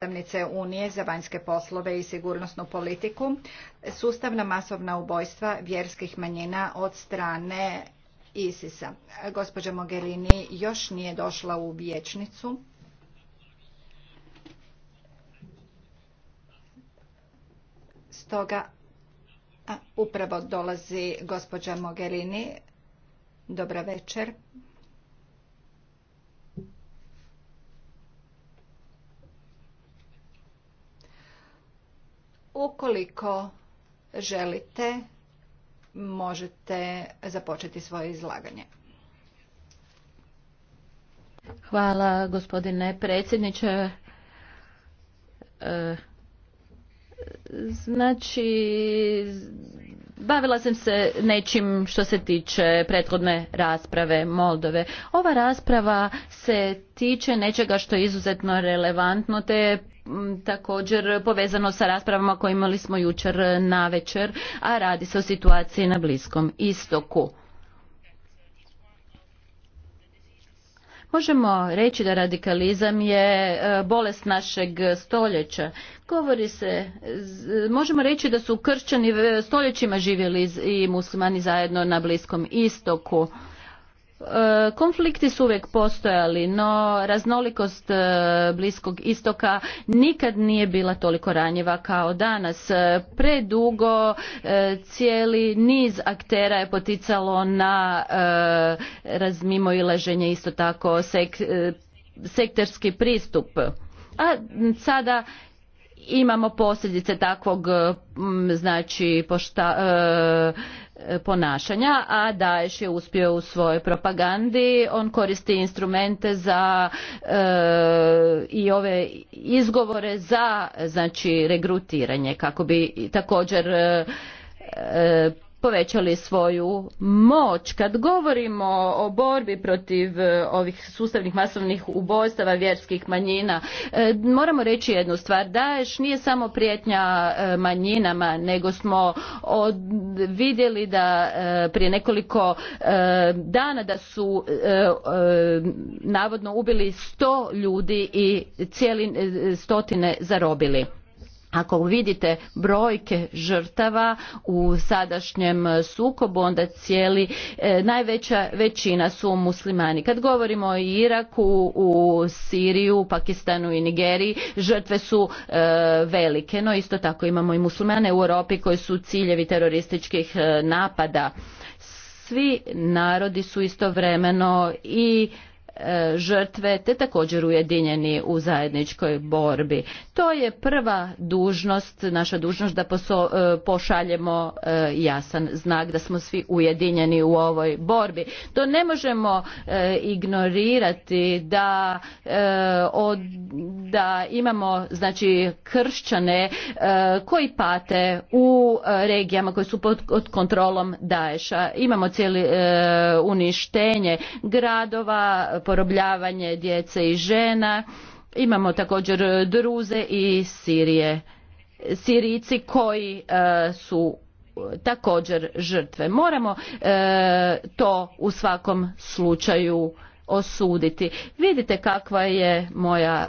predstavnice Unije za vanjske poslove i sigurnosnu politiku, sustavna masovna ubojstva vjerskih manjina od strane ISIS-a. Gospođa Mogherini još nije došla u vječnicu. Stoga upravo dolazi gospođa Mogherini. Dobra večer. Ukoliko želite, možete započeti svoje izlaganje. Hvala gospodine predsjedniče. E, znači, bavila sam se nečim što se tiče prethodne rasprave Moldove. Ova rasprava se tiče nečega što je izuzetno relevantno, te također povezano sa raspravama koje imali smo jučer na večer, a radi se o situaciji na Bliskom istoku. Možemo reći da radikalizam je e, bolest našeg stoljeća. Govori se, možemo reći da su kršćani stoljećima živjeli i muslimani zajedno na Bliskom istoku. E, konflikti su uvijek postojali, no raznolikost e, Bliskog istoka nikad nije bila toliko ranjiva kao danas. E, predugo cijeli niz aktera je poticalo na razmimo isto tako sektorski pristup. A sada imamo posljedice takvog znači pošta, ponašanja, a Daesh je uspio u svojoj propagandi. On koristi instrumente za e, i ove izgovore za znači regrutiranje kako bi također e, e povećali svoju moć. Kad govorimo o borbi protiv e, ovih sustavnih masovnih ubojstava vjerskih manjina, e, moramo reći jednu stvar. Daješ nije samo prijetnja e, manjinama, nego smo vidjeli da prije nekoliko dana da su navodno ubili sto ljudi i cijeli stotine zarobili ako vidite brojke žrtava u sadašnjem sukobu onda cijeli e, najveća većina su muslimani kad govorimo o Iraku u Siriju Pakistanu i Nigeriji žrtve su e, velike no isto tako imamo i muslimane u Europi koji su ciljevi terorističkih e, napada svi narodi su istovremeno i E, žrtve te također ujedinjeni u zajedničkoj borbi. To je prva dužnost, naša dužnost da e, pošaljemo e, jasan znak da smo svi ujedinjeni u ovoj borbi. To ne možemo ignorirati da, da imamo znači kršćane koji pate u regijama koje su pod kontrolom Daesha. Imamo cijeli uništenje gradova, porobljavanje djece i žena. Imamo također Druze i Sirije. Sirici koji e, su također žrtve. Moramo e, to u svakom slučaju osuditi. Vidite kakva je moja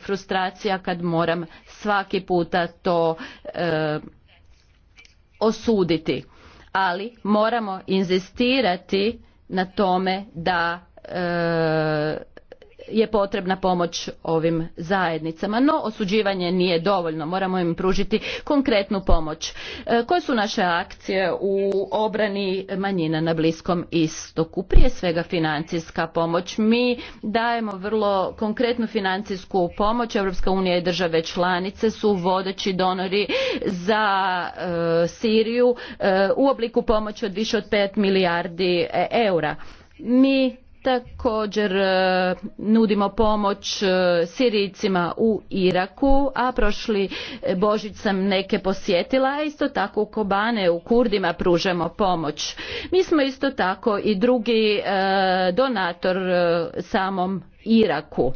frustracija kad moram svaki puta to e, osuditi. Ali moramo inzistirati na tome da E, je potrebna pomoć ovim zajednicama no osuđivanje nije dovoljno moramo im pružiti konkretnu pomoć e, koje su naše akcije u obrani manjina na bliskom istoku prije svega financijska pomoć mi dajemo vrlo konkretnu financijsku pomoć europska unija i države članice su vodeći donori za e, Siriju u obliku pomoći od više od 5 milijardi eura mi Također e, nudimo pomoć e, Sirijcima u Iraku, a prošli e, Božić sam neke posjetila, a isto tako u Kobane, u Kurdima pružemo pomoć. Mi smo isto tako i drugi donator samom Iraku.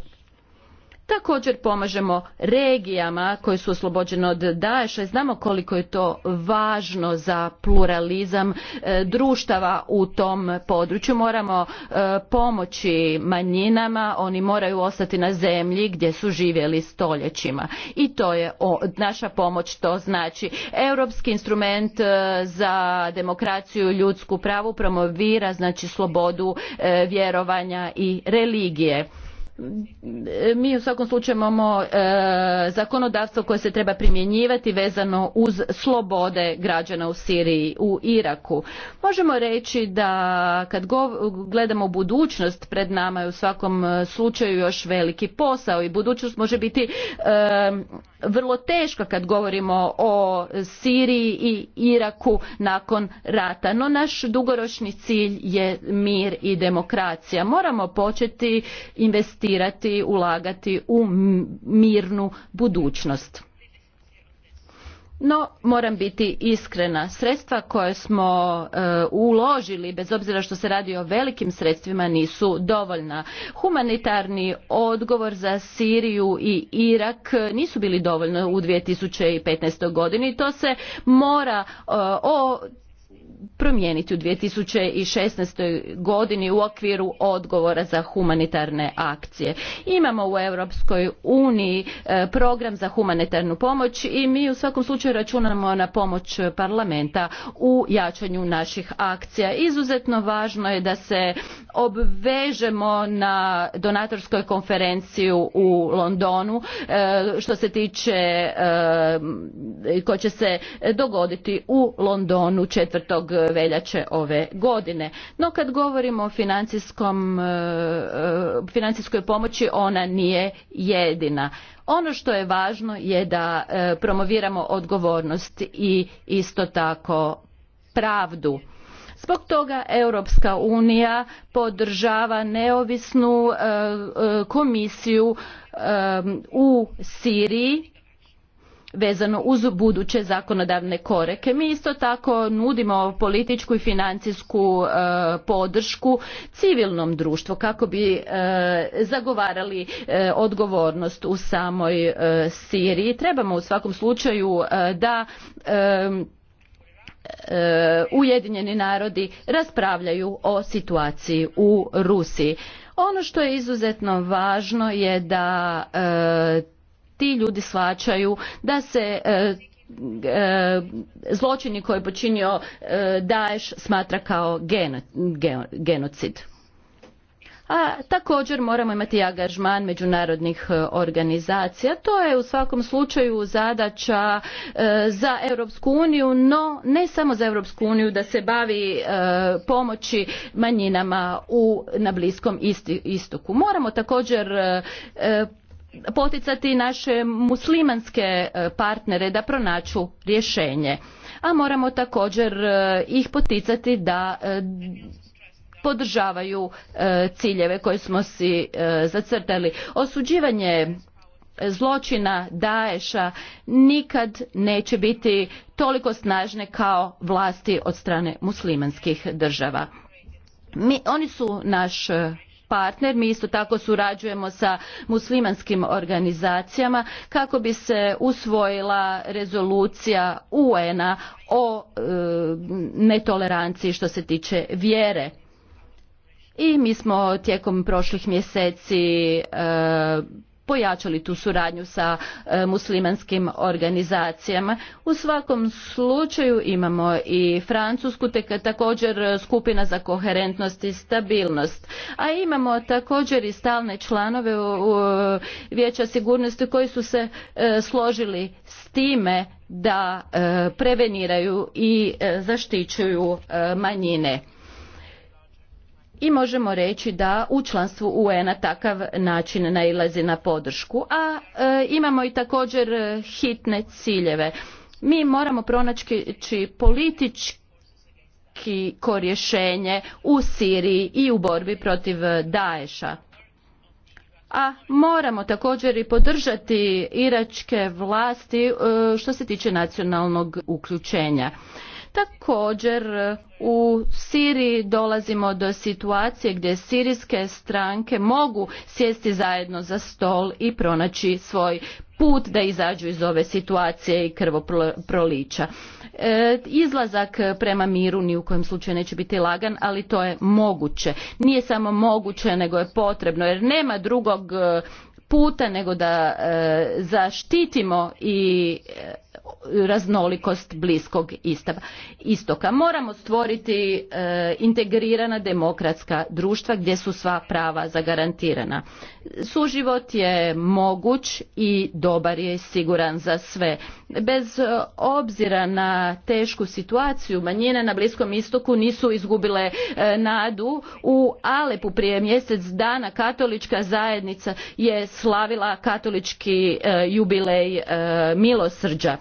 Također pomažemo regijama koje su oslobođene od Daesha i znamo koliko je to važno za pluralizam e, društava u tom području. Moramo e, pomoći manjinama, oni moraju ostati na zemlji gdje su živjeli stoljećima. I to je naša pomoć, to znači europski instrument e, za demokraciju i ljudsku pravu promovira znači slobodu vjerovanja i religije mi u svakom slučaju imamo e, zakonodavstvo koje se treba primjenjivati vezano uz slobode građana u Siriji, u Iraku. Možemo reći da kad gledamo budućnost pred nama je u svakom e, slučaju još veliki posao i budućnost može biti e, vrlo teška kad govorimo o Siriji i Iraku nakon rata. No naš dugoročni cilj je mir i demokracija. Moramo početi investirati, ulagati u mirnu budućnost no moram biti iskrena sredstva koja smo e, uložili bez obzira što se radi o velikim sredstvima nisu dovoljna humanitarni odgovor za Siriju i Irak nisu bili dovoljni u 2015. godini to se mora e, o promijeniti u 2016. godini u okviru odgovora za humanitarne akcije. Imamo u Europskoj uniji e, program za humanitarnu pomoć i mi u svakom slučaju računamo na pomoć parlamenta u jačanju naših akcija. Izuzetno važno je da se obvežemo na donatorskoj konferenciju u Londonu e, što se tiče e, ko će se dogoditi u Londonu 4. E, veljače ove godine. No kad govorimo o financijskom, e, e, financijskoj pomoći ona nije jedina. Ono što je važno je da promoviramo odgovornost i isto tako pravdu. Zbog toga Europska unija podržava neovisnu komisiju u Siriji vezano uz buduće zakonodavne korake. Mi isto tako nudimo političku i financijsku e, podršku civilnom društvu kako bi e, zagovarali e, odgovornost u samoj Siriji. Trebamo u svakom slučaju da Ujedinjeni narodi raspravljaju o situaciji u Rusiji. Ono što je izuzetno važno je da ti ljudi shvaćaju da se e, e, zločini koje je počinio e, daješ smatra kao genocid. A također moramo imati angažman međunarodnih organizacija. To je u svakom slučaju zadaća za Europsku uniju, no ne samo za Europsku uniju da se bavi pomoći manjinama u, na Bliskom istoku. Moramo također poticati naše muslimanske e, partnere da pronaću rješenje a moramo također e, ih poticati da e, podržavaju ciljeve koje smo si zacrtali osuđivanje zločina Daeša nikad neće biti toliko snažne kao vlasti od strane muslimanskih država oni su naš partner. Mi isto tako surađujemo sa muslimanskim organizacijama kako bi se usvojila rezolucija UN-a o e, netoleranciji što se tiče vjere. I mi smo tijekom prošlih mjeseci e, pojačali tu suradnju sa e, muslimanskim organizacijama. U svakom slučaju imamo i Francusku, te također e, skupina za koherentnost i stabilnost. A imamo također i stalne članove Vijeća sigurnosti koji su se e, složili s time da preveniraju i zaštićuju manjine i možemo reći da u članstvu UN-a takav način nailazi na podršku. A e, imamo i također e, hitne ciljeve. Mi moramo pronaći politički korješenje u Siriji i u borbi protiv e, Daesha. A moramo također i podržati iračke vlasti što se tiče nacionalnog uključenja. Također u Siriji dolazimo do situacije gdje sirijske stranke mogu sjesti zajedno za stol i pronaći svoj put da izađu iz ove situacije i krvoprolića. E, izlazak prema miru ni u kojem slučaju neće biti lagan, ali to je moguće. Nije samo moguće, nego je potrebno, jer nema drugog e, puta nego da e, zaštitimo i raznolikost bliskog istoka. Moramo stvoriti e, integrirana demokratska društva gdje su sva prava zagarantirana. Suživot je moguć i dobar je siguran za sve. Bez e, obzira na tešku situaciju manjine na Bliskom istoku nisu izgubile e, nadu. U Alepu prije mjesec dana katolička zajednica je slavila katolički jubilej milosrđa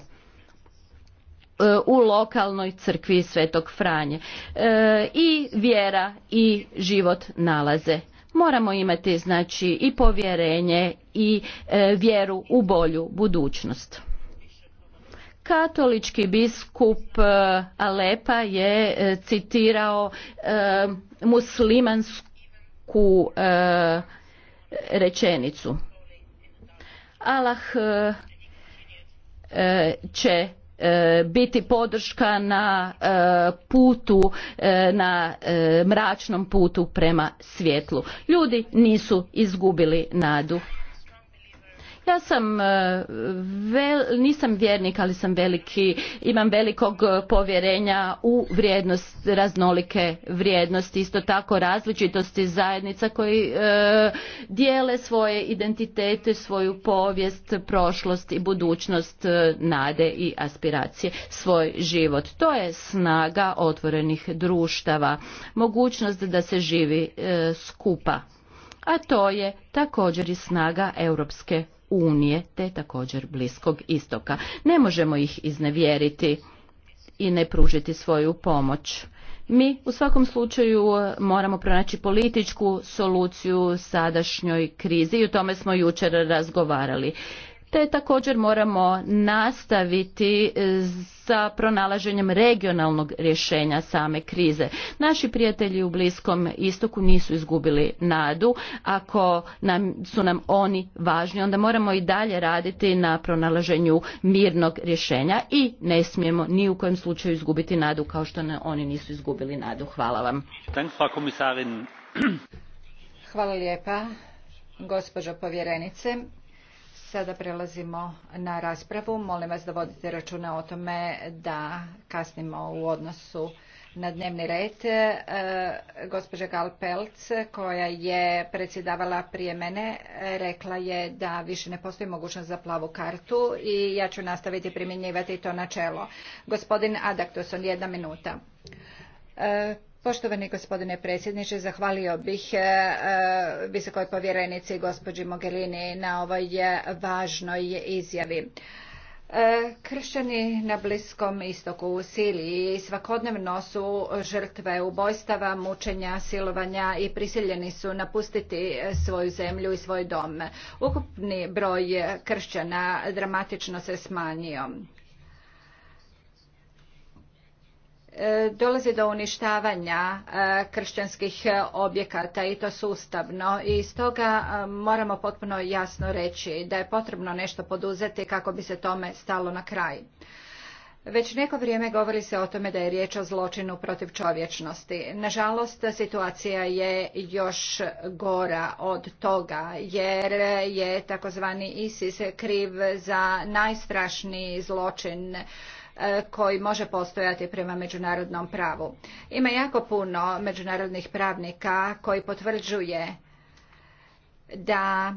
u lokalnoj crkvi Svetog Franje. E, I vjera i život nalaze. Moramo imati znači i povjerenje i e, vjeru u bolju budućnost. Katolički biskup e, Alepa je citirao muslimansku rečenicu. Allah će E, biti podrška na e, putu e, na mračnom putu prema svjetlu ljudi nisu izgubili nadu ja sam e, vel, nisam vjernik, ali sam veliki, imam velikog e, povjerenja u vrijednost, raznolike vrijednosti, isto tako različitosti zajednica koji e, dijele svoje identitete, svoju povijest, prošlost i budućnost nade i aspiracije, svoj život. To je snaga otvorenih društava, mogućnost da se živi skupa a to je također i snaga Europske unije te također Bliskog istoka. Ne možemo ih iznevjeriti i ne pružiti svoju pomoć. Mi u svakom slučaju moramo pronaći političku soluciju sadašnjoj krizi i o tome smo jučer razgovarali te također moramo nastaviti e, sa pronalaženjem regionalnog rješenja same krize. Naši prijatelji u Bliskom istoku nisu izgubili nadu. Ako nam, su nam oni važni, onda moramo i dalje raditi na pronalaženju mirnog rješenja i ne smijemo ni u kojem slučaju izgubiti nadu kao što ne, oni nisu izgubili nadu. Hvala vam. Hvala lijepa, gospođo povjerenice. Sada prelazimo na raspravu. Molim vas da vodite računa o tome da kasnimo u odnosu na dnevni red. E, gospođa Gal Pelc, koja je predsjedavala prije mene, rekla je da više ne postoji mogućnost za plavu kartu i ja ću nastaviti primjenjivati to načelo. Gospodin Adaktuson, jedna minuta. E, Poštovani gospodine predsjedniče, zahvalio bih e, e, visokoj povjerenici gospođi Mogherini na ovoj e, važnoj izjavi. Kršćani na Bliskom istoku u Siriji svakodnevno su žrtve ubojstava, mučenja, silovanja i prisiljeni su napustiti svoju zemlju i svoj dom. Ukupni broj kršćana dramatično se smanjio. E, dolazi do uništavanja e, kršćanskih e, objekata i to sustavno i stoga moramo potpuno jasno reći da je potrebno nešto poduzeti kako bi se tome stalo na kraj. Već neko vrijeme govori se o tome da je riječ o zločinu protiv čovječnosti. Nažalost, situacija je još gora od toga, jer je takozvani ISIS kriv za najstrašniji zločin E, koji može postojati prema međunarodnom pravu. Ima jako puno međunarodnih pravnika koji potvrđuje da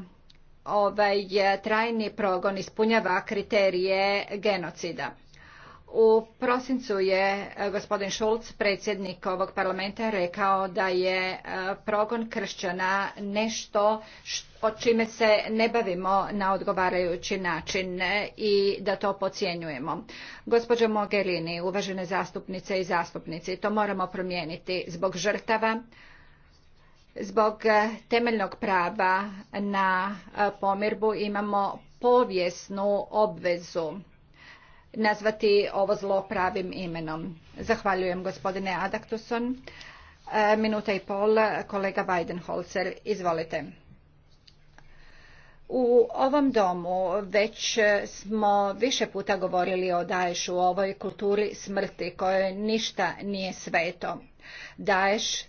ovaj trajni progon ispunjava kriterije genocida. U prosincu je e, gospodin Schulz, predsjednik ovog parlamenta, rekao da je e, progon kršćana nešto o čime se ne bavimo na odgovarajući način e, i da to pocijenjujemo. Gospođo Mogherini, uvažene zastupnice i zastupnici, to moramo promijeniti zbog žrtava, zbog temeljnog prava na pomirbu imamo povijesnu obvezu nazvati ovo zlo pravim imenom. Zahvaljujem gospodine Adaktuson. E, minuta i pol, kolega Weidenholzer, izvolite. U ovom domu već smo više puta govorili o Daješu, u ovoj kulturi smrti kojoj ništa nije sveto. Daješ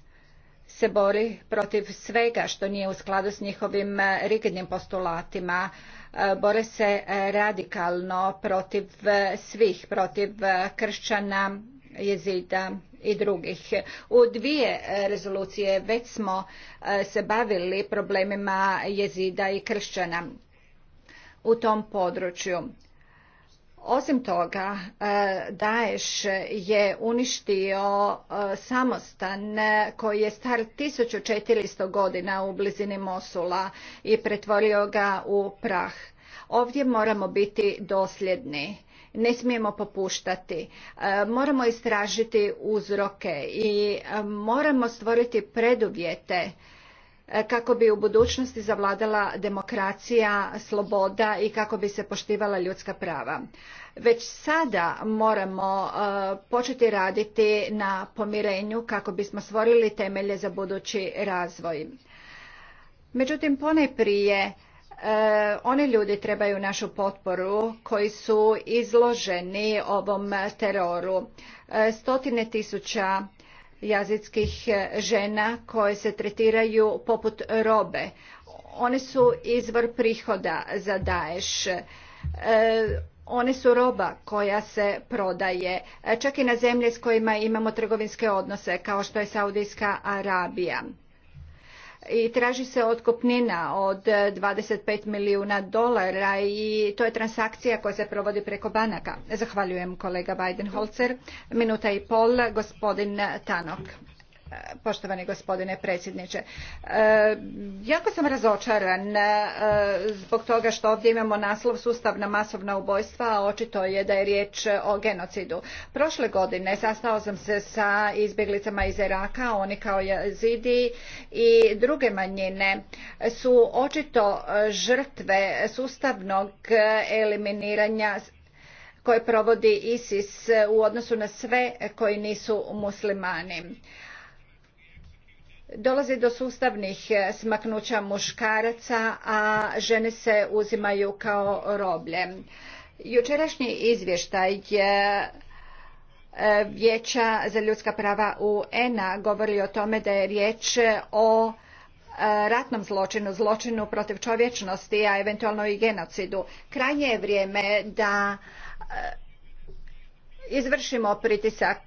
se bori protiv svega što nije u skladu s njihovim rigidnim postulatima, E, bore se e, radikalno protiv e, svih, protiv kršćana, jezida i drugih. U dvije rezolucije već smo se bavili problemima jezida i kršćana u tom području. Osim toga, e, Daesh je uništio e, samostan e, koji je star 1400 godina u blizini Mosula i pretvorio ga u prah. Ovdje moramo biti dosljedni. Ne smijemo popuštati. Moramo istražiti uzroke i moramo stvoriti preduvjete E, kako bi u budućnosti zavladala demokracija, sloboda i kako bi se poštivala ljudska prava. Već sada moramo e, početi raditi na pomirenju kako bismo stvorili temelje za budući razvoj. Međutim, ponajprije, e, oni ljudi trebaju našu potporu koji su izloženi ovom teroru. Stotine tisuća jazidskih e, žena koje se tretiraju poput robe. One su izvor prihoda za daješ. E, one su roba koja se prodaje, e, čak i na zemlje s kojima imamo trgovinske odnose, kao što je Saudijska Arabija i traži se otkupnina od 25 eh, milijuna dolara i to je transakcija koja se provodi preko banaka. Zahvaljujem kolega Bidenholzer Minuta i pol, gospodin Tanok poštovani gospodine predsjedniče. E, jako sam razočaran e, zbog toga što ovdje imamo naslov sustavna masovna ubojstva, a očito je da je riječ o genocidu. Prošle godine sastao sam se sa izbjeglicama iz Iraka, oni kao zidi i druge manjine su očito žrtve sustavnog eliminiranja koje provodi ISIS u odnosu na sve koji nisu muslimani dolazi do sustavnih e, smaknuća muškaraca a žene se uzimaju kao roblje jučerašnji izvještaj e, vijeća za ljudska prava UN-a govori o tome da je riječ o e, ratnom zločinu, zločinu protiv čovječnosti, a eventualno i genocidu. Krajnje je vrijeme da izvršimo pritisak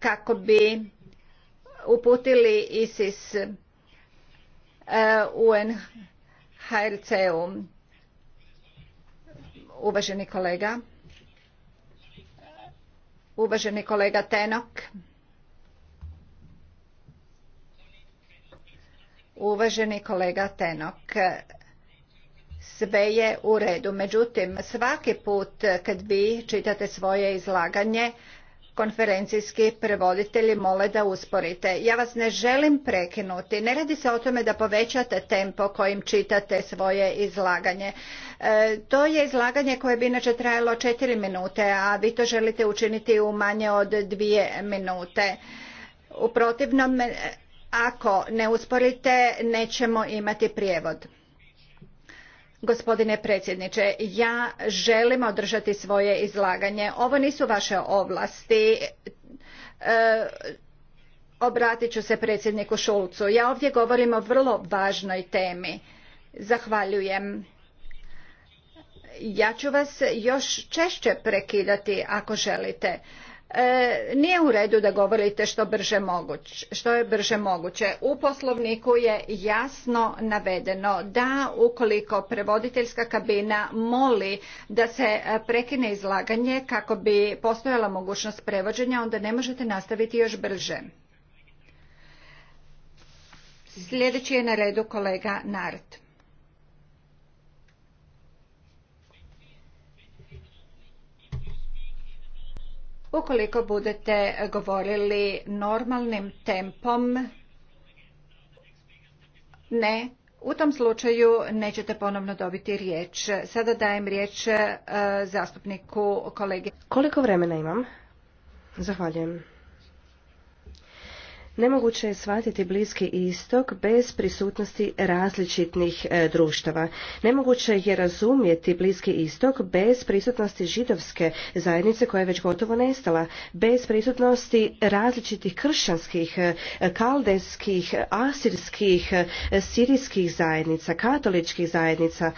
kako bi uputili ISIS e, UNHRC-u. Uvaženi kolega, uvaženi kolega Tenok, uvaženi kolega Tenok, sve je u redu. Međutim, svaki put kad vi čitate svoje izlaganje, konferencijski prevoditelji mole da usporite. Ja vas ne želim prekinuti. Ne radi se o tome da povećate tempo kojim čitate svoje izlaganje. E, to je izlaganje koje bi inače trajalo četiri minute, a vi to želite učiniti u manje od dvije minute. U protivnom, ako ne usporite, nećemo imati prijevod. Gospodine predsjedniče, ja želim održati svoje izlaganje. Ovo nisu vaše ovlasti. E, obratit ću se predsjedniku Šulcu. Ja ovdje govorim o vrlo važnoj temi. Zahvaljujem. Ja ću vas još češće prekidati ako želite. E, nije u redu da govorite što, brže moguć, što je brže moguće. U poslovniku je jasno navedeno da ukoliko prevoditeljska kabina moli da se e, prekine izlaganje kako bi postojala mogućnost prevođenja, onda ne možete nastaviti još brže. Sljedeći je na redu kolega Nart. Ukoliko budete govorili normalnim tempom, ne, u tom slučaju nećete ponovno dobiti riječ. Sada dajem riječ e, zastupniku kolegi. Koliko vremena imam? Zahvaljujem. Nemoguće je shvatiti Bliski istok bez prisutnosti različitnih e, društava. Nemoguće je razumjeti Bliski istok bez prisutnosti židovske zajednice koja je već gotovo nestala, bez prisutnosti različitih kršćanskih, e, kaldeskih, asirskih, e, sirijskih zajednica, katoličkih zajednica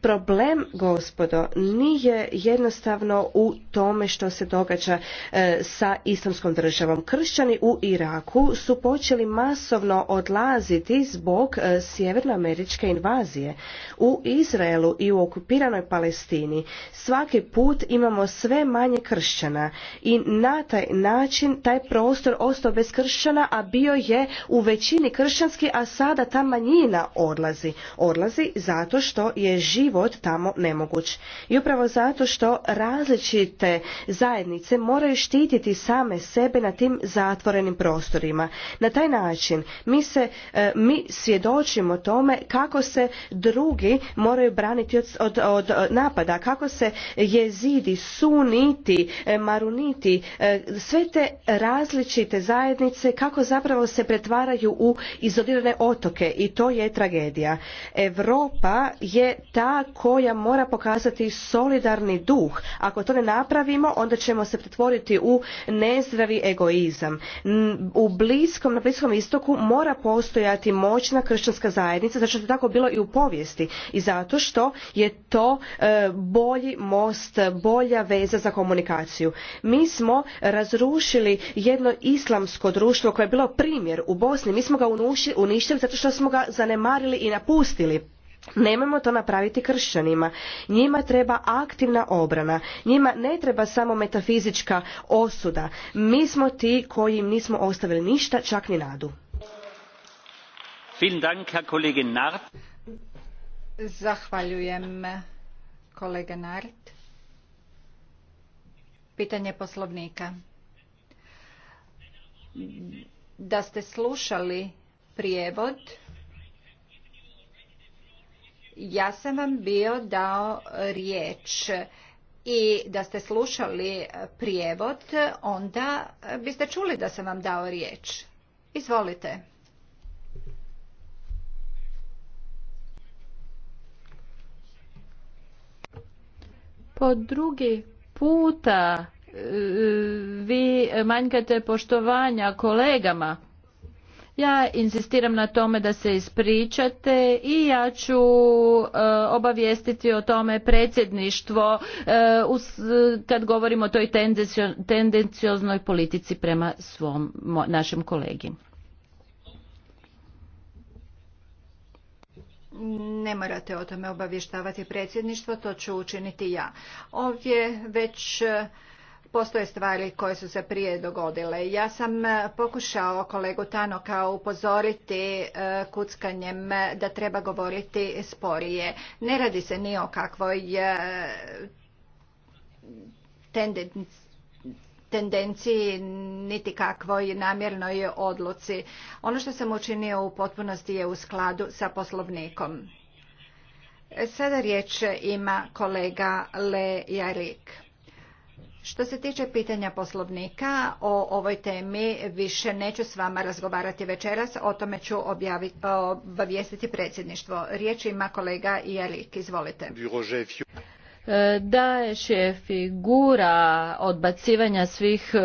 problem, gospodo, nije jednostavno u tome što se događa e, sa islamskom državom. Kršćani u Iraku su počeli masovno odlaziti zbog e, sjevernoameričke invazije. U Izraelu i u okupiranoj Palestini svaki put imamo sve manje kršćana i na taj način taj prostor ostao bez kršćana, a bio je u većini kršćanski, a sada ta manjina odlazi. Odlazi zato što je živ život tamo nemoguć. I upravo zato što različite zajednice moraju štititi same sebe na tim zatvorenim prostorima. Na taj način mi se e, mi svjedočimo tome kako se drugi moraju braniti od, od napada, kako se jezidi, suniti, e, maruniti, e, sve te različite zajednice kako zapravo se pretvaraju u izolirane otoke i to je tragedija. Europa je ta koja mora pokazati solidarni duh. Ako to ne napravimo, onda ćemo se pretvoriti u nezdravi egoizam. U bliskom, na Bliskom istoku mora postojati moćna kršćanska zajednica, zato što je tako bilo i u povijesti i zato što je to e, bolji most, bolja veza za komunikaciju. Mi smo razrušili jedno islamsko društvo koje je bilo primjer u Bosni. Mi smo ga uništili zato što smo ga zanemarili i napustili Nemojmo to napraviti kršćanima. Njima treba aktivna obrana. Njima ne treba samo metafizička osuda. Mi smo ti koji im nismo ostavili ništa, čak ni nadu. Zahvaljujem kolega Nart. Pitanje poslovnika. Da ste slušali prijevod, ja sam vam bio dao riječ i da ste slušali prijevod, onda biste čuli da sam vam dao riječ. Izvolite. Po drugi puta e, e, vi manjkate poštovanja kolegama. Ja insistiram na tome da se ispričate i ja ću e, obavijestiti o tome predsjedništvo e, kad govorimo o toj tendencioznoj politici prema svom našem kolegi. Ne morate o tome obavještavati predsjedništvo, to ću učiniti ja. Ovdje već Postoje stvari koje su se prije dogodile. Ja sam e, pokušao kolegu Tanoka upozoriti e, kuckanjem da treba govoriti sporije. Ne radi se ni o kakvoj e, tendenciji niti kakvoj namjernoj odluci. Ono što sam učinio u potpunosti je u skladu sa poslovnikom. Sada riječ ima kolega Le Jarik. Što se tiče pitanja poslovnika o ovoj temi više neću s vama razgovarati večeras, o tome ću objavi, obavijestiti predsjedništvo. Riječ ima kolega Jelik, izvolite. E, da je figura odbacivanja svih e,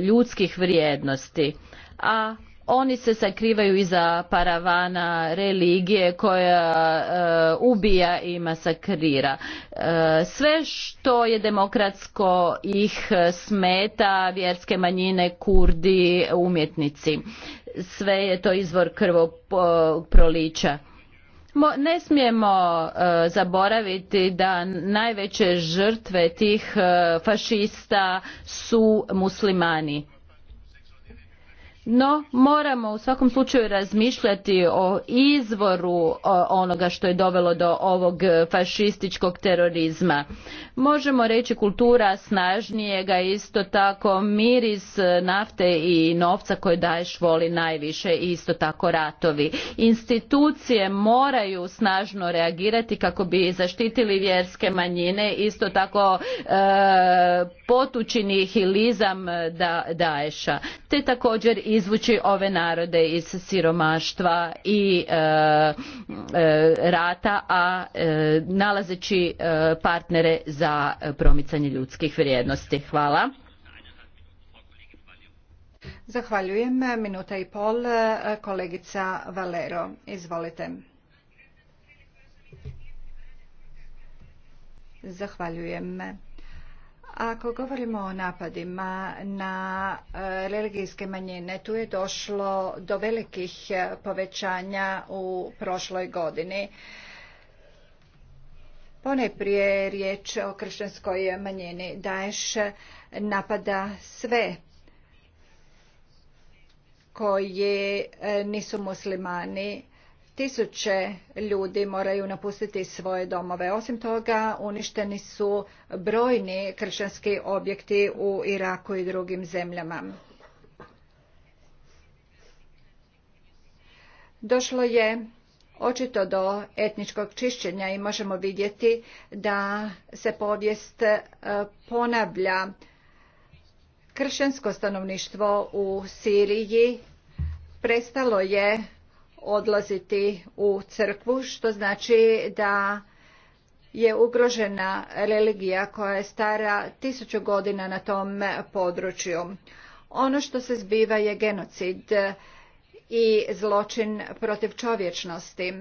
ljudskih vrijednosti, a oni se sakrivaju iza paravana religije koja e, ubija i masakrira e, sve što je demokratsko ih smeta vjerske manjine kurdi umjetnici sve je to izvor krvoprolića ne smijemo e, zaboraviti da najveće žrtve tih fašista su muslimani no moramo u svakom slučaju razmišljati o izvoru onoga što je dovelo do ovog e, fašističkog terorizma možemo reći kultura snažnijega isto tako miris e, nafte i novca koje daješ voli najviše i isto tako ratovi institucije moraju snažno reagirati kako bi zaštitili vjerske manjine isto tako e, hilizam hilizam e, da daješa te također i izvući ove narode iz siromaštva i e, e, rata, a e, nalazeći e, partnere za promicanje ljudskih vrijednosti. Hvala. Zahvaljujem. Minuta i pol. Kolegica Valero, izvolite. Zahvaljujem. Ako govorimo o napadima na e, religijske manjine, tu je došlo do velikih e, povećanja u prošloj godini. Poneprije je riječ o kršćanskoj manjini. Daješ napada sve koji e, nisu muslimani Tisuće ljudi moraju napustiti svoje domove. Osim toga, uništeni su brojni kršćanski objekti u Iraku i drugim zemljama. Došlo je očito do etničkog čišćenja i možemo vidjeti da se povijest e, ponavlja. Kršćansko stanovništvo u Siriji prestalo je odlaziti u crkvu, što znači da je ugrožena religija koja je stara tisuću godina na tom području. Ono što se zbiva je genocid i zločin protiv čovječnosti.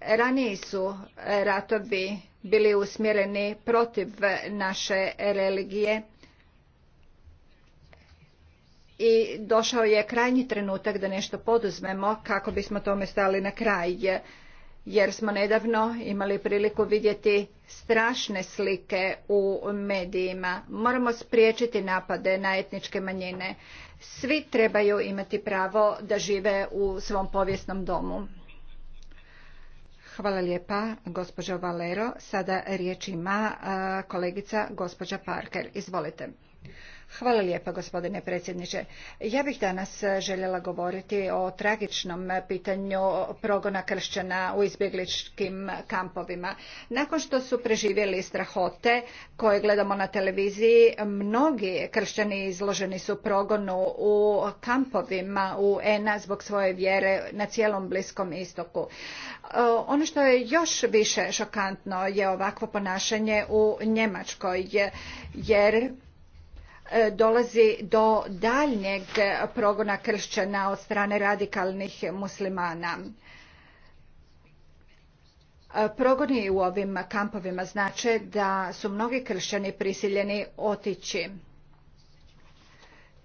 Raniji su ratovi bili usmjereni protiv naše religije i došao je krajnji trenutak da nešto poduzmemo kako bismo tome stali na kraj jer smo nedavno imali priliku vidjeti strašne slike u medijima. Moramo spriječiti napade na etničke manjine. Svi trebaju imati pravo da žive u svom povijesnom domu. Hvala lijepa, gospođo Valero. Sada riječ ima kolegica gospođa Parker. Izvolite. Hvala lijepa gospodine predsjedniče. Ja bih danas e, željela govoriti o tragičnom pitanju progona kršćana u izbjegličkim kampovima. Nakon što su preživjeli strahote koje gledamo na televiziji, mnogi kršćani izloženi su progonu u kampovima u ENA zbog svoje vjere na cijelom Bliskom istoku. E, ono što je još više šokantno je ovakvo ponašanje u Njemačkoj jer E, dolazi do daljnjeg progona kršćana od strane radikalnih muslimana. E, progoni u ovim kampovima znače da su mnogi kršćani prisiljeni otići.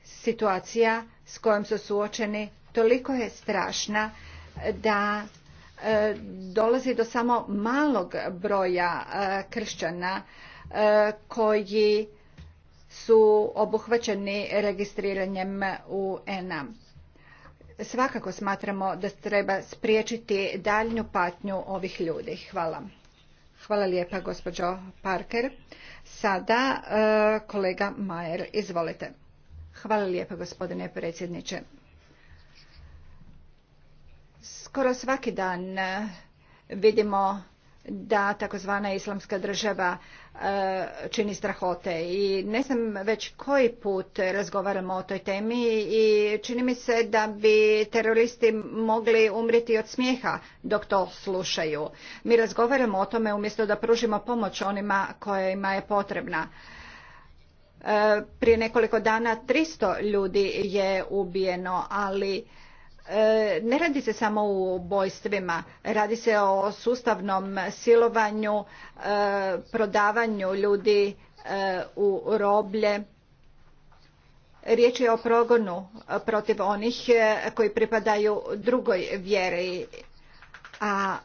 Situacija s kojom su suočeni toliko je strašna da e, dolazi do samo malog broja kršćana koji su obuhvaćeni registriranjem u a Svakako smatramo da treba spriječiti daljnju patnju ovih ljudi. Hvala. Hvala lijepa gospođo Parker. Sada e, kolega Majer, izvolite. Hvala lijepa gospodine predsjedniče. Skoro svaki dan e, vidimo da takozvana islamska država E, čini strahote i ne znam već koji put razgovaramo o toj temi i čini mi se da bi teroristi mogli umriti od smijeha dok to slušaju. Mi razgovaramo o tome umjesto da pružimo pomoć onima kojima je potrebna. E, prije nekoliko dana 300 ljudi je ubijeno, ali E, ne radi se samo o ubojstvima, radi se o sustavnom silovanju, e, prodavanju ljudi e, u roblje. Riječ je o progonu protiv onih koji pripadaju drugoj vjeri, a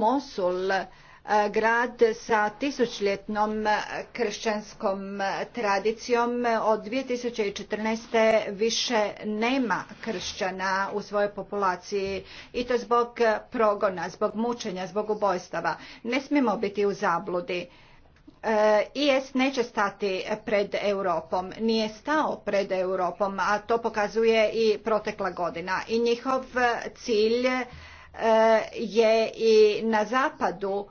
Mosul E, grad sa tisućljetnom e, kršćanskom e, tradicijom od 2014. više nema kršćana u svojoj populaciji i to zbog progona, zbog mučenja, zbog ubojstava. Ne smijemo biti u zabludi. IS neće stati pred Europom, nije stao pred Europom, a to pokazuje i protekla godina. I njihov cilj je i na zapadu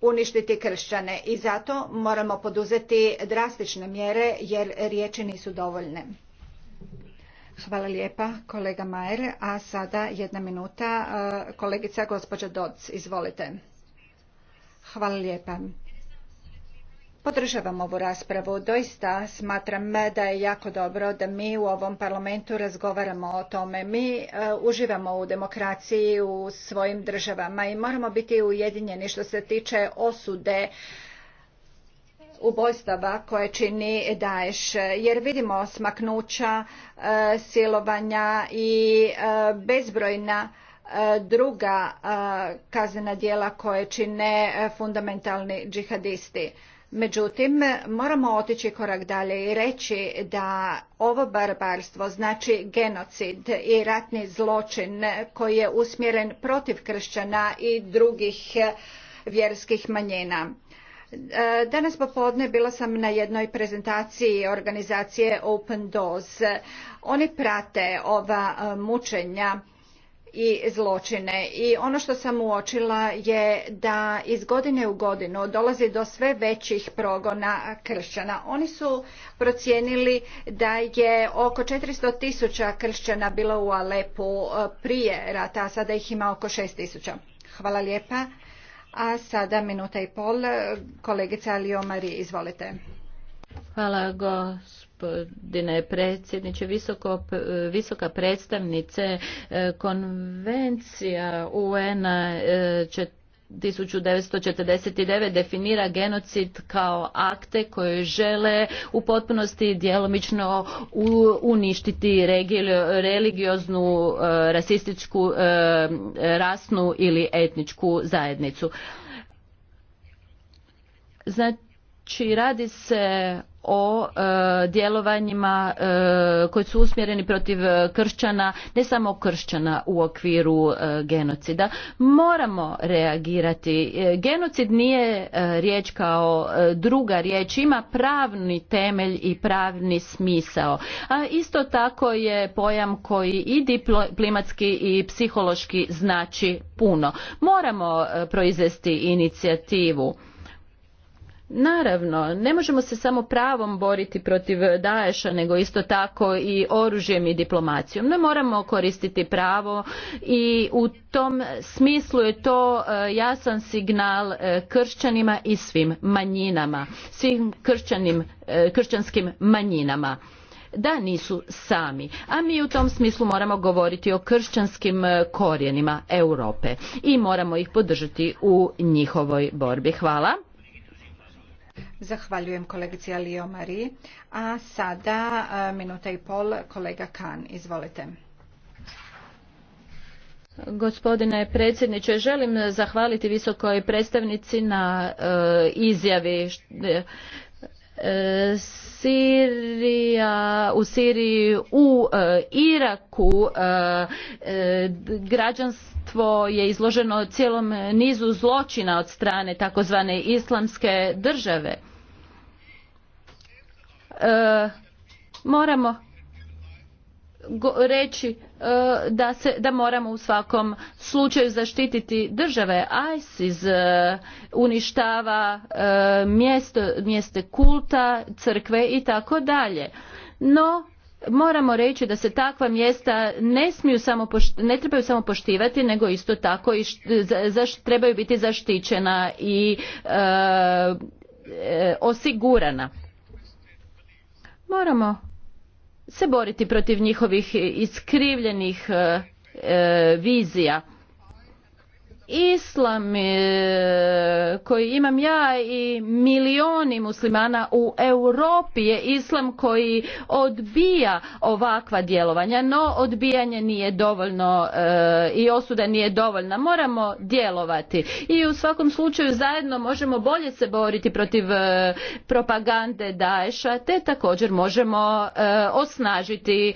uništiti kršćane i zato moramo poduzeti drastične mjere jer riječi nisu dovoljne. Hvala lijepa kolega Majer, a sada jedna minuta e, kolegica gospođa Doc, izvolite. Hvala lijepa. Podržavam ovu raspravu. Doista smatram da je jako dobro da mi u ovom parlamentu razgovaramo o tome. Mi e, uživamo u demokraciji u svojim državama i moramo biti ujedinjeni što se tiče osude ubojstava koje čini Daesh. Jer vidimo smaknuća, e, silovanja i e, bezbrojna druga kaznena djela koje čine fundamentalni džihadisti. Međutim, moramo otići korak dalje i reći da ovo barbarstvo znači genocid i ratni zločin koji je usmjeren protiv kršćana i drugih e, vjerskih manjina. E, danas popodne bila sam na jednoj prezentaciji organizacije Open Doors. Oni prate ova e, mučenja i zločine. I ono što sam uočila je da iz godine u godinu dolazi do sve većih progona kršćana. Oni su procijenili da je oko 400 tisuća kršćana bilo u Alepu e, prije rata, a sada ih ima oko 6 tisuća. Hvala lijepa. A sada minuta i pol. Kolegica Lio Mari, izvolite. Hvala gospodine predsjedniče, visoko, visoka predstavnice e, konvencija UN-a 1949 e, definira genocid kao akte koje žele u potpunosti djelomično uništiti religioznu, e, rasističku, rasnu ili etničku zajednicu. Znači, radi se o e, djelovanjima e, koji su usmjereni protiv kršćana, ne samo kršćana u okviru e, genocida. Moramo reagirati. Genocid nije riječ kao druga riječ, ima pravni temelj i pravni smisao. A isto tako je pojam koji i diplomatski i psihološki znači puno. Moramo proizvesti inicijativu. Naravno, ne možemo se samo pravom boriti protiv Daesha, nego isto tako i oružjem i diplomacijom. Ne moramo koristiti pravo i u tom smislu je to e, jasan signal e, kršćanima i svim manjinama, svim kršćanim, e, kršćanskim manjinama da nisu sami. A mi u tom smislu moramo govoriti o kršćanskim korijenima Europe i moramo ih podržati u njihovoj borbi. Hvala. Zahvaljujem kolegici Alio Mariji. A sada e, minuta i pol kolega Kan. Izvolite. Gospodine predsjedniče, želim zahvaliti visokoj predstavnici na e, izjavi e, u Siriji, u Iraku građanstvo Litvo je izloženo cijelom nizu zločina od strane takozvane islamske države. E, moramo reći e, da, se, da moramo u svakom slučaju zaštititi države. ISIS e, uništava mjesto, mjeste kulta, crkve i tako dalje. No, moramo reći da se takva mjesta ne smiju ne trebaju samo poštivati nego isto tako i trebaju biti zaštićena i e, e, osigurana moramo se boriti protiv njihovih iskrivljenih e, vizija islam e, koji imam ja i milioni muslimana u Europi je islam koji odbija ovakva djelovanja, no odbijanje nije dovoljno e, i osuda nije dovoljna. Moramo djelovati i u svakom slučaju zajedno možemo bolje se boriti protiv e, propagande Daesha te također možemo osnažiti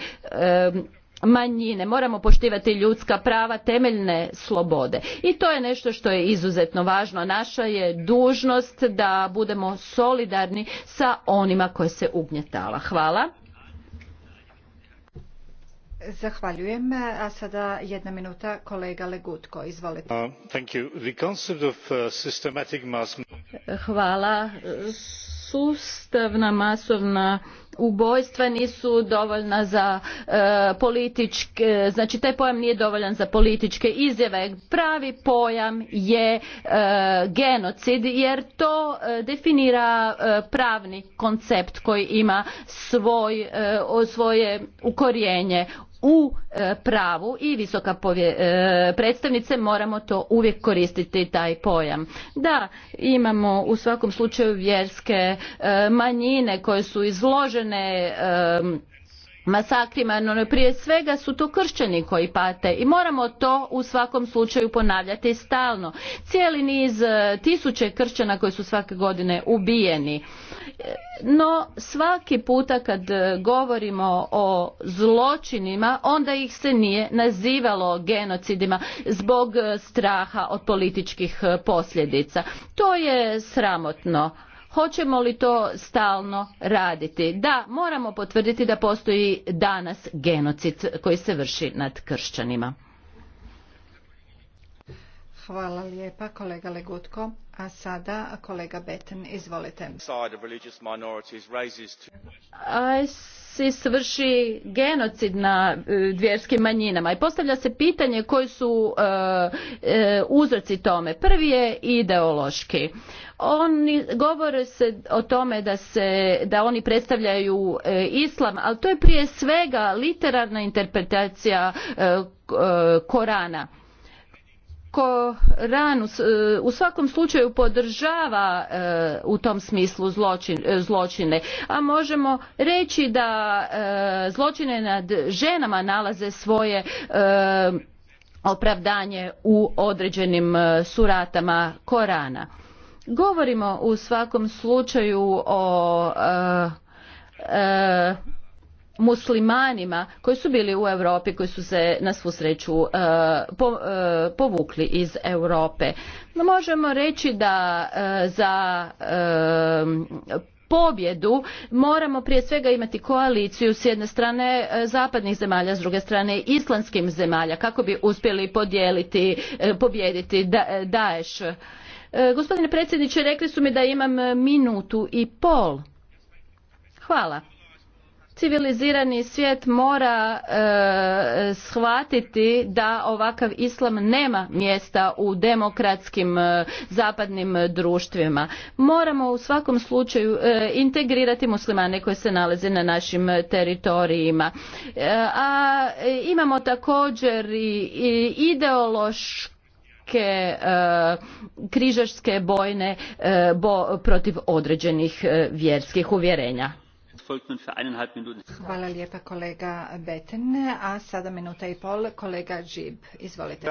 manjine moramo poštivati ljudska prava temeljne slobode i to je nešto što je izuzetno važno naša je dužnost da budemo solidarni sa onima koje se ugnjetala hvala Zahvaljujem. A sada jedna minuta kolega Legutko. Izvolite. Uh, uh, hvala. Sustavna masovna ubojstva nisu dovoljna za e, političke, znači taj pojam nije dovoljan za političke izjave. Pravi pojam je e, genocid jer to e, definira pravni koncept koji ima svoje ukorijenje u e, pravu i visoka povje, e, predstavnice moramo to uvijek koristiti taj pojam. Da, imamo u svakom slučaju vjerske e, manjine koje su izložene masakrima, no prije svega su to kršćani koji pate i moramo to u svakom slučaju ponavljati stalno. Cijeli niz e, tisuće kršćana koji su svake godine ubijeni. E, no svaki puta kad e, govorimo o zločinima, onda ih se nije nazivalo genocidima zbog straha od političkih posljedica. To je sramotno. Hoćemo li to stalno raditi? Da, moramo potvrditi da postoji danas genocid koji se vrši nad kršćanima. Hvala lijepa kolega Legutko. A sada kolega Beten, izvolite. ISIS svrši genocid na e, vjerskim manjinama i postavlja se pitanje koji su e, e, uzroci tome. Prvi je ideološki. Oni govore se o tome da, se, da oni predstavljaju islam, ali to je prije svega literarna interpretacija Korana Koran e, u svakom slučaju podržava e, u tom smislu e, zločine, a možemo reći da zločine nad ženama nalaze svoje opravdanje u određenim suratama Korana. Govorimo u svakom slučaju o muslimanima koji su bili u Europi, koji su se na svu sreću e, e, povukli iz Europe. Možemo reći da e, za pobjedu moramo prije svega imati koaliciju s jedne strane zapadnih zemalja, s druge strane islamskim zemalja kako bi uspjeli podijeliti, pobijediti Daesh. Gospodine predsjedniče, rekli su mi da imam minutu i pol. Hvala civilizirani svijet mora e, shvatiti da ovakav islam nema mjesta u demokratskim e, zapadnim društvima moramo u svakom slučaju e, integrirati muslimane koji se nalaze na našim teritorijima a imamo također i, ideološke križarske bojne bo, protiv određenih vjerskih uvjerenja Hvala lijepa kolega Beten. A sada minuta i pol kolega Žib. Izvolite.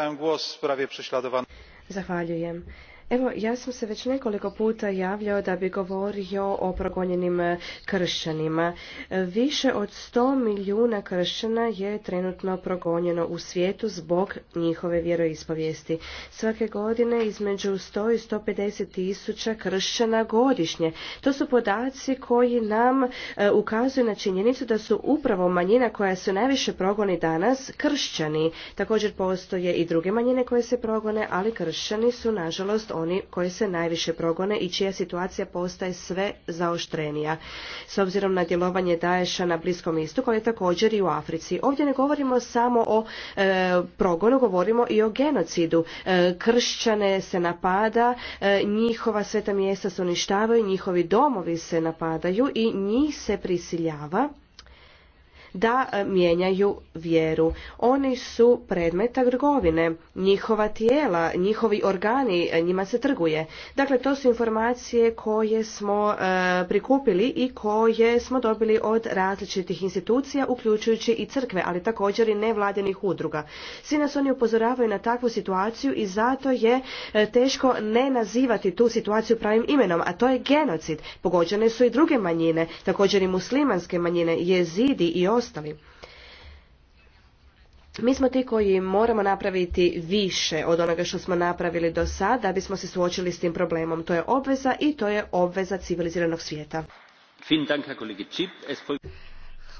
Zahvaljujem. Evo, ja sam se već nekoliko puta javljao da bi govorio o progonjenim kršćanima. Više od 100 milijuna kršćana je trenutno progonjeno u svijetu zbog njihove vjeroispovijesti. Svake godine između 100 i 150 tisuća kršćana godišnje. To su podaci koji nam e, ukazuju na činjenicu da su upravo manjina koja su najviše progoni danas kršćani. Također postoje i druge manjine koje se progone, ali kršćani su nažalost oni koji se najviše progone i čija situacija postaje sve zaoštrenija. S obzirom na djelovanje Daesha na Bliskom istoku, ali također i u Africi. Ovdje ne govorimo samo o e, progonu, govorimo i o genocidu. E, kršćane se napada, e, njihova sveta mjesta se uništavaju, njihovi domovi se napadaju i njih se prisiljava da e, mijenjaju vjeru. Oni su predmeta trgovine, njihova tijela, njihovi organi, e, njima se trguje. Dakle, to su informacije koje smo e, prikupili i koje smo dobili od različitih institucija, uključujući i crkve, ali također i nevladinih udruga. Svi nas oni upozoravaju na takvu situaciju i zato je teško ne nazivati tu situaciju pravim imenom, a to je genocid. Pogođene su i druge manjine, također i muslimanske manjine, jezidi i ostali. Mi smo ti koji moramo napraviti više od onoga što smo napravili do sada da bismo se suočili s tim problemom. To je obveza i to je obveza civiliziranog svijeta.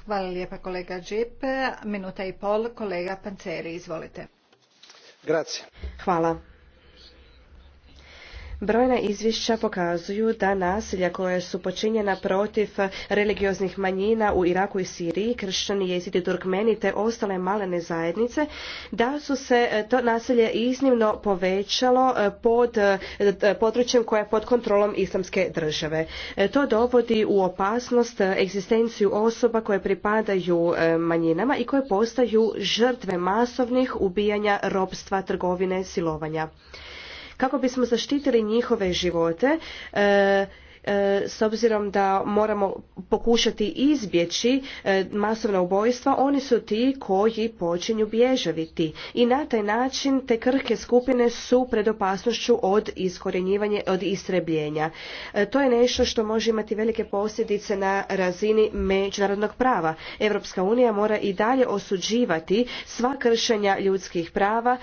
Hvala lijepa kolega Minuta i pol, kolega Panceri, izvolite. Grazie. Hvala. Brojna izvješća pokazuju da nasilja koje su počinjena protiv religioznih manjina u Iraku i Siriji, kršćani, jezidi, turkmeni te ostale malene zajednice, da su se e, to nasilje iznimno povećalo e, pod e, područjem koje je pod kontrolom islamske države. To dovodi u opasnost egzistenciju osoba koje pripadaju manjinama i koje postaju žrtve masovnih ubijanja, robstva, trgovine, silovanja kako bismo zaštitili njihove živote e, E, s obzirom da moramo pokušati izbjeći e, masovna ubojstva, oni su ti koji počinju bježaviti. I na taj način te krhke skupine su pred opasnošću od iskorjenjivanja, od istrebljenja. E, to je nešto što može imati velike posljedice na razini međunarodnog prava. Europska unija mora i dalje osuđivati sva kršenja ljudskih prava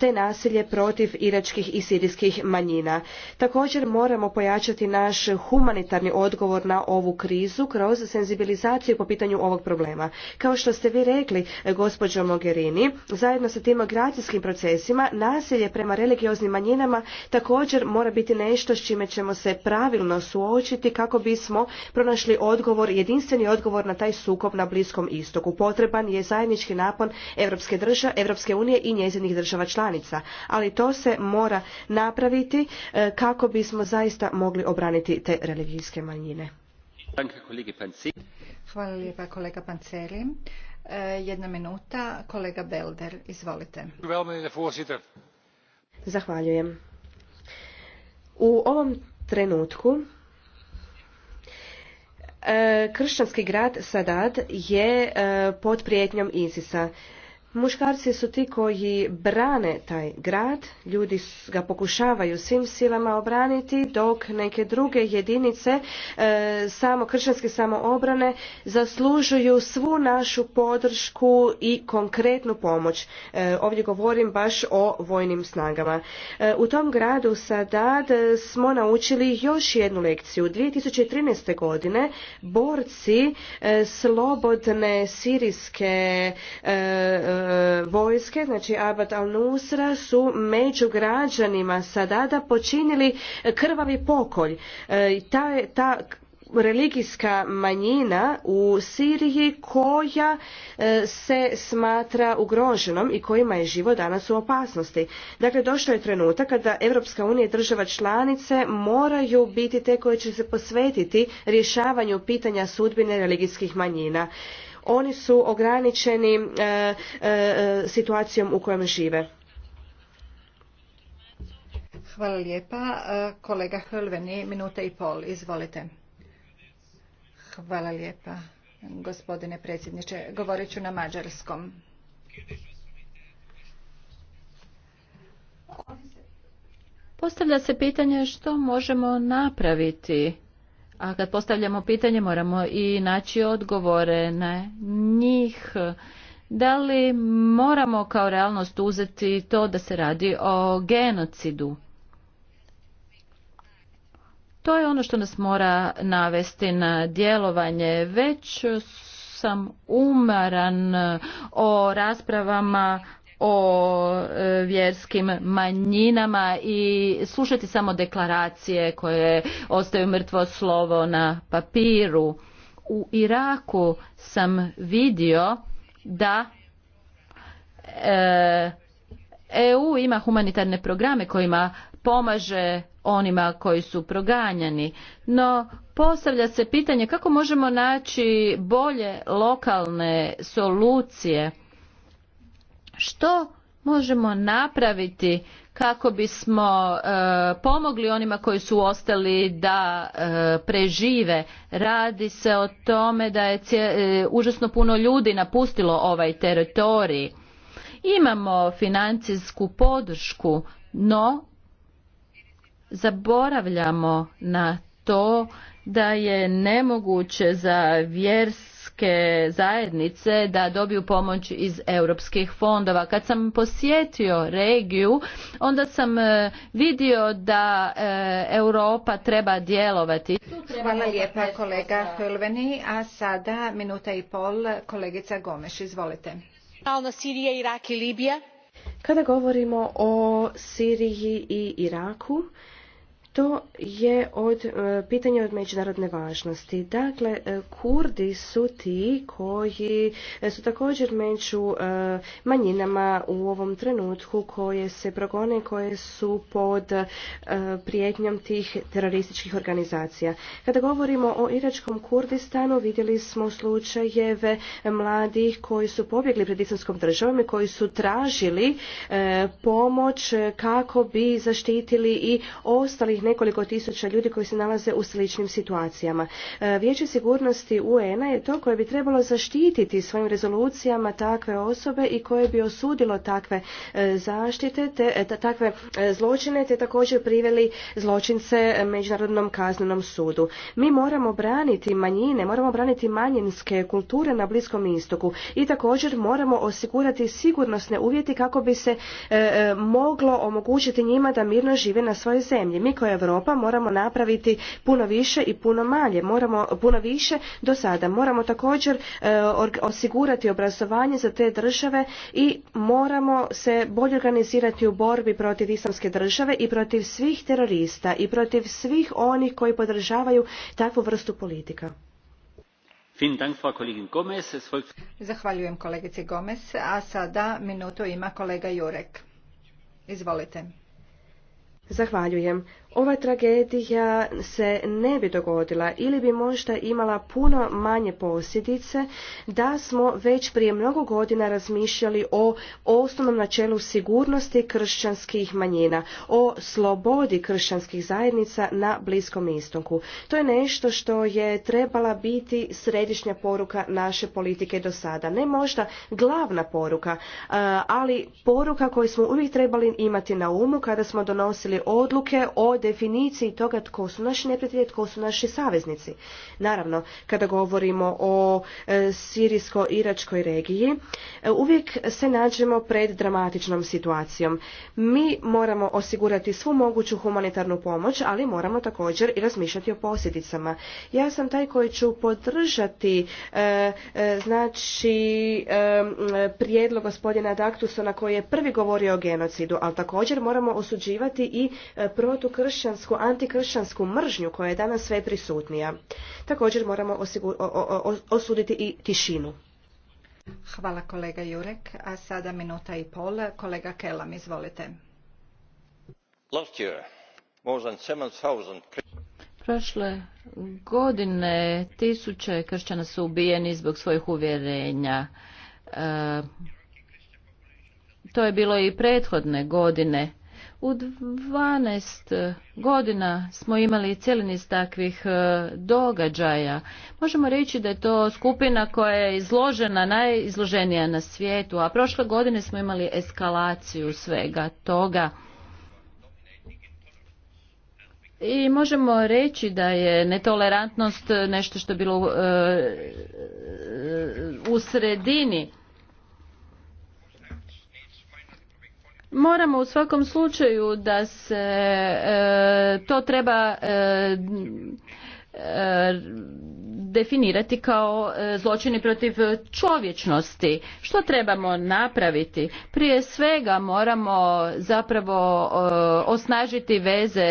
te nasilje protiv iračkih i sirijskih manjina. Također moramo pojačati naš humanitarni odgovor na ovu krizu kroz senzibilizaciju po pitanju ovog problema. Kao što ste vi rekli, gospođo Mogherini, zajedno sa tim migracijskim procesima, nasilje prema religioznim manjinama također mora biti nešto s čime ćemo se pravilno suočiti kako bismo pronašli odgovor, jedinstveni odgovor na taj sukob na Bliskom istoku. Potreban je zajednički napon Europske, države, Europske unije i njezinih država članica, ali to se mora napraviti eh, kako bismo zaista mogli obraniti te te religijske manjine. Hvala lijepa kolega panceli e, Jedna minuta, kolega Belder, izvolite. Zahvaljujem. U ovom trenutku e, kršćanski grad Sadad je e, pod prijetnjom Isisa. Muškarci su ti koji brane taj grad, ljudi ga pokušavaju svim silama obraniti, dok neke druge jedinice e, samo kršćanske samoobrane zaslužuju svu našu podršku i konkretnu pomoć. E, ovdje govorim baš o vojnim snagama. E, u tom gradu Sadad e, smo naučili još jednu lekciju. 2013. godine borci slobodne sirijske E, vojske, znači Abad al-Nusra su među građanima Sadada počinili krvavi pokolj. E, ta, ta religijska manjina u Siriji koja e, se smatra ugroženom i kojima je život danas u opasnosti. Dakle, došao je trenutak kada Europska unija i država članice moraju biti te koje će se posvetiti rješavanju pitanja sudbine religijskih manjina oni su ograničeni e, e, situacijom u kojem žive. Hvala lijepa. E, kolega Hölveni, minuta i pol. Izvolite. Hvala lijepa, gospodine predsjedniče. Govorit ću na mađarskom. Postavlja se pitanje što možemo napraviti a kad postavljamo pitanje moramo i naći odgovore na njih. Da li moramo kao realnost uzeti to da se radi o genocidu? To je ono što nas mora navesti na djelovanje. Već sam umaran o raspravama o e, vjerskim manjinama i slušati samo deklaracije koje ostaju mrtvo slovo na papiru. U Iraku sam vidio da EU e ima humanitarne programe kojima pomaže onima koji su proganjani. No, postavlja se pitanje kako možemo naći bolje lokalne solucije što možemo napraviti kako bismo e, pomogli onima koji su ostali da e, prežive radi se o tome da je e, užasno puno ljudi napustilo ovaj teritorij imamo financijsku podršku no zaboravljamo na to da je nemoguće za vjers europske zajednice da dobiju pomoć iz europskih fondova. Kad sam posjetio regiju, onda sam e, vidio da e, Europa treba djelovati. Hvala lijepa kolega Hrveni, a sada minuta i pol kolegica Gomeš, izvolite. Sirije, Irak i Libija. Kada govorimo o Siriji i Iraku, to je od e, pitanja od međunarodne važnosti. Dakle, e, Kurdi su ti koji su također među e, manjinama u ovom trenutku koje se progone, koje su pod prijetnjom tih terorističkih organizacija. Kada govorimo o iračkom Kurdistanu, vidjeli smo slučajeve mladih koji su pobjegli pred islamskom državom i koji su tražili pomoć kako bi zaštitili i ostalih nekoliko tisuća ljudi koji se nalaze u sličnim situacijama. E, Vijeće sigurnosti UN-a je to koje bi trebalo zaštititi svojim rezolucijama takve osobe i koje bi osudilo takve e, zaštite, te, e, takve zločine, te također priveli zločince Međunarodnom kaznenom sudu. Mi moramo braniti manjine, moramo braniti manjinske kulture na Bliskom istoku i također moramo osigurati sigurnosne uvjeti kako bi se moglo omogućiti njima da mirno žive na svojoj zemlji. Mi koje Europa moramo napraviti puno više i puno manje, moramo puno više do sada. Moramo također e, osigurati obrazovanje za te države i moramo se bolje organizirati u borbi protiv islamske države i protiv svih terorista i protiv svih onih koji podržavaju takvu vrstu politika. Zahvaljujem kolegici Gomez, a sada minutu ima kolega Jurek. Izvolite. Zahvaljujem ova tragedija se ne bi dogodila ili bi možda imala puno manje posljedice da smo već prije mnogo godina razmišljali o osnovnom načelu sigurnosti kršćanskih manjina, o slobodi kršćanskih zajednica na Bliskom istoku. To je nešto što je trebala biti središnja poruka naše politike do sada. Ne možda glavna poruka, ali poruka koju smo uvijek trebali imati na umu kada smo donosili odluke od definiciji toga tko su naši neprijatelji, tko su naši saveznici. Naravno, kada govorimo o e, sirijsko-iračkoj regiji, e, uvijek se nađemo pred dramatičnom situacijom. Mi moramo osigurati svu moguću humanitarnu pomoć, ali moramo također i razmišljati o posljedicama. Ja sam taj koji ću podržati e, znači prijedlog gospodina Daktusona koji je prvi govorio o genocidu, ali također moramo osuđivati i protukršenje kršćansku, antikršćansku mržnju koja je danas sve prisutnija. Također moramo osuditi i tišinu. Hvala kolega Jurek, a sada minuta i pol. Kolega Kelam, izvolite. Prošle godine tisuće kršćana su ubijeni zbog svojih uvjerenja. E, to je bilo i prethodne godine u 12 godina smo imali cijeli niz takvih e, događaja. Možemo reći da je to skupina koja je izložena, najizloženija na svijetu, a prošle godine smo imali eskalaciju svega toga. I možemo reći da je netolerantnost nešto što je bilo e, e, u sredini moramo u svakom slučaju da se e, to treba e, definirati kao e, zločini protiv čovječnosti. Što trebamo napraviti? Prije svega moramo zapravo e, osnažiti veze,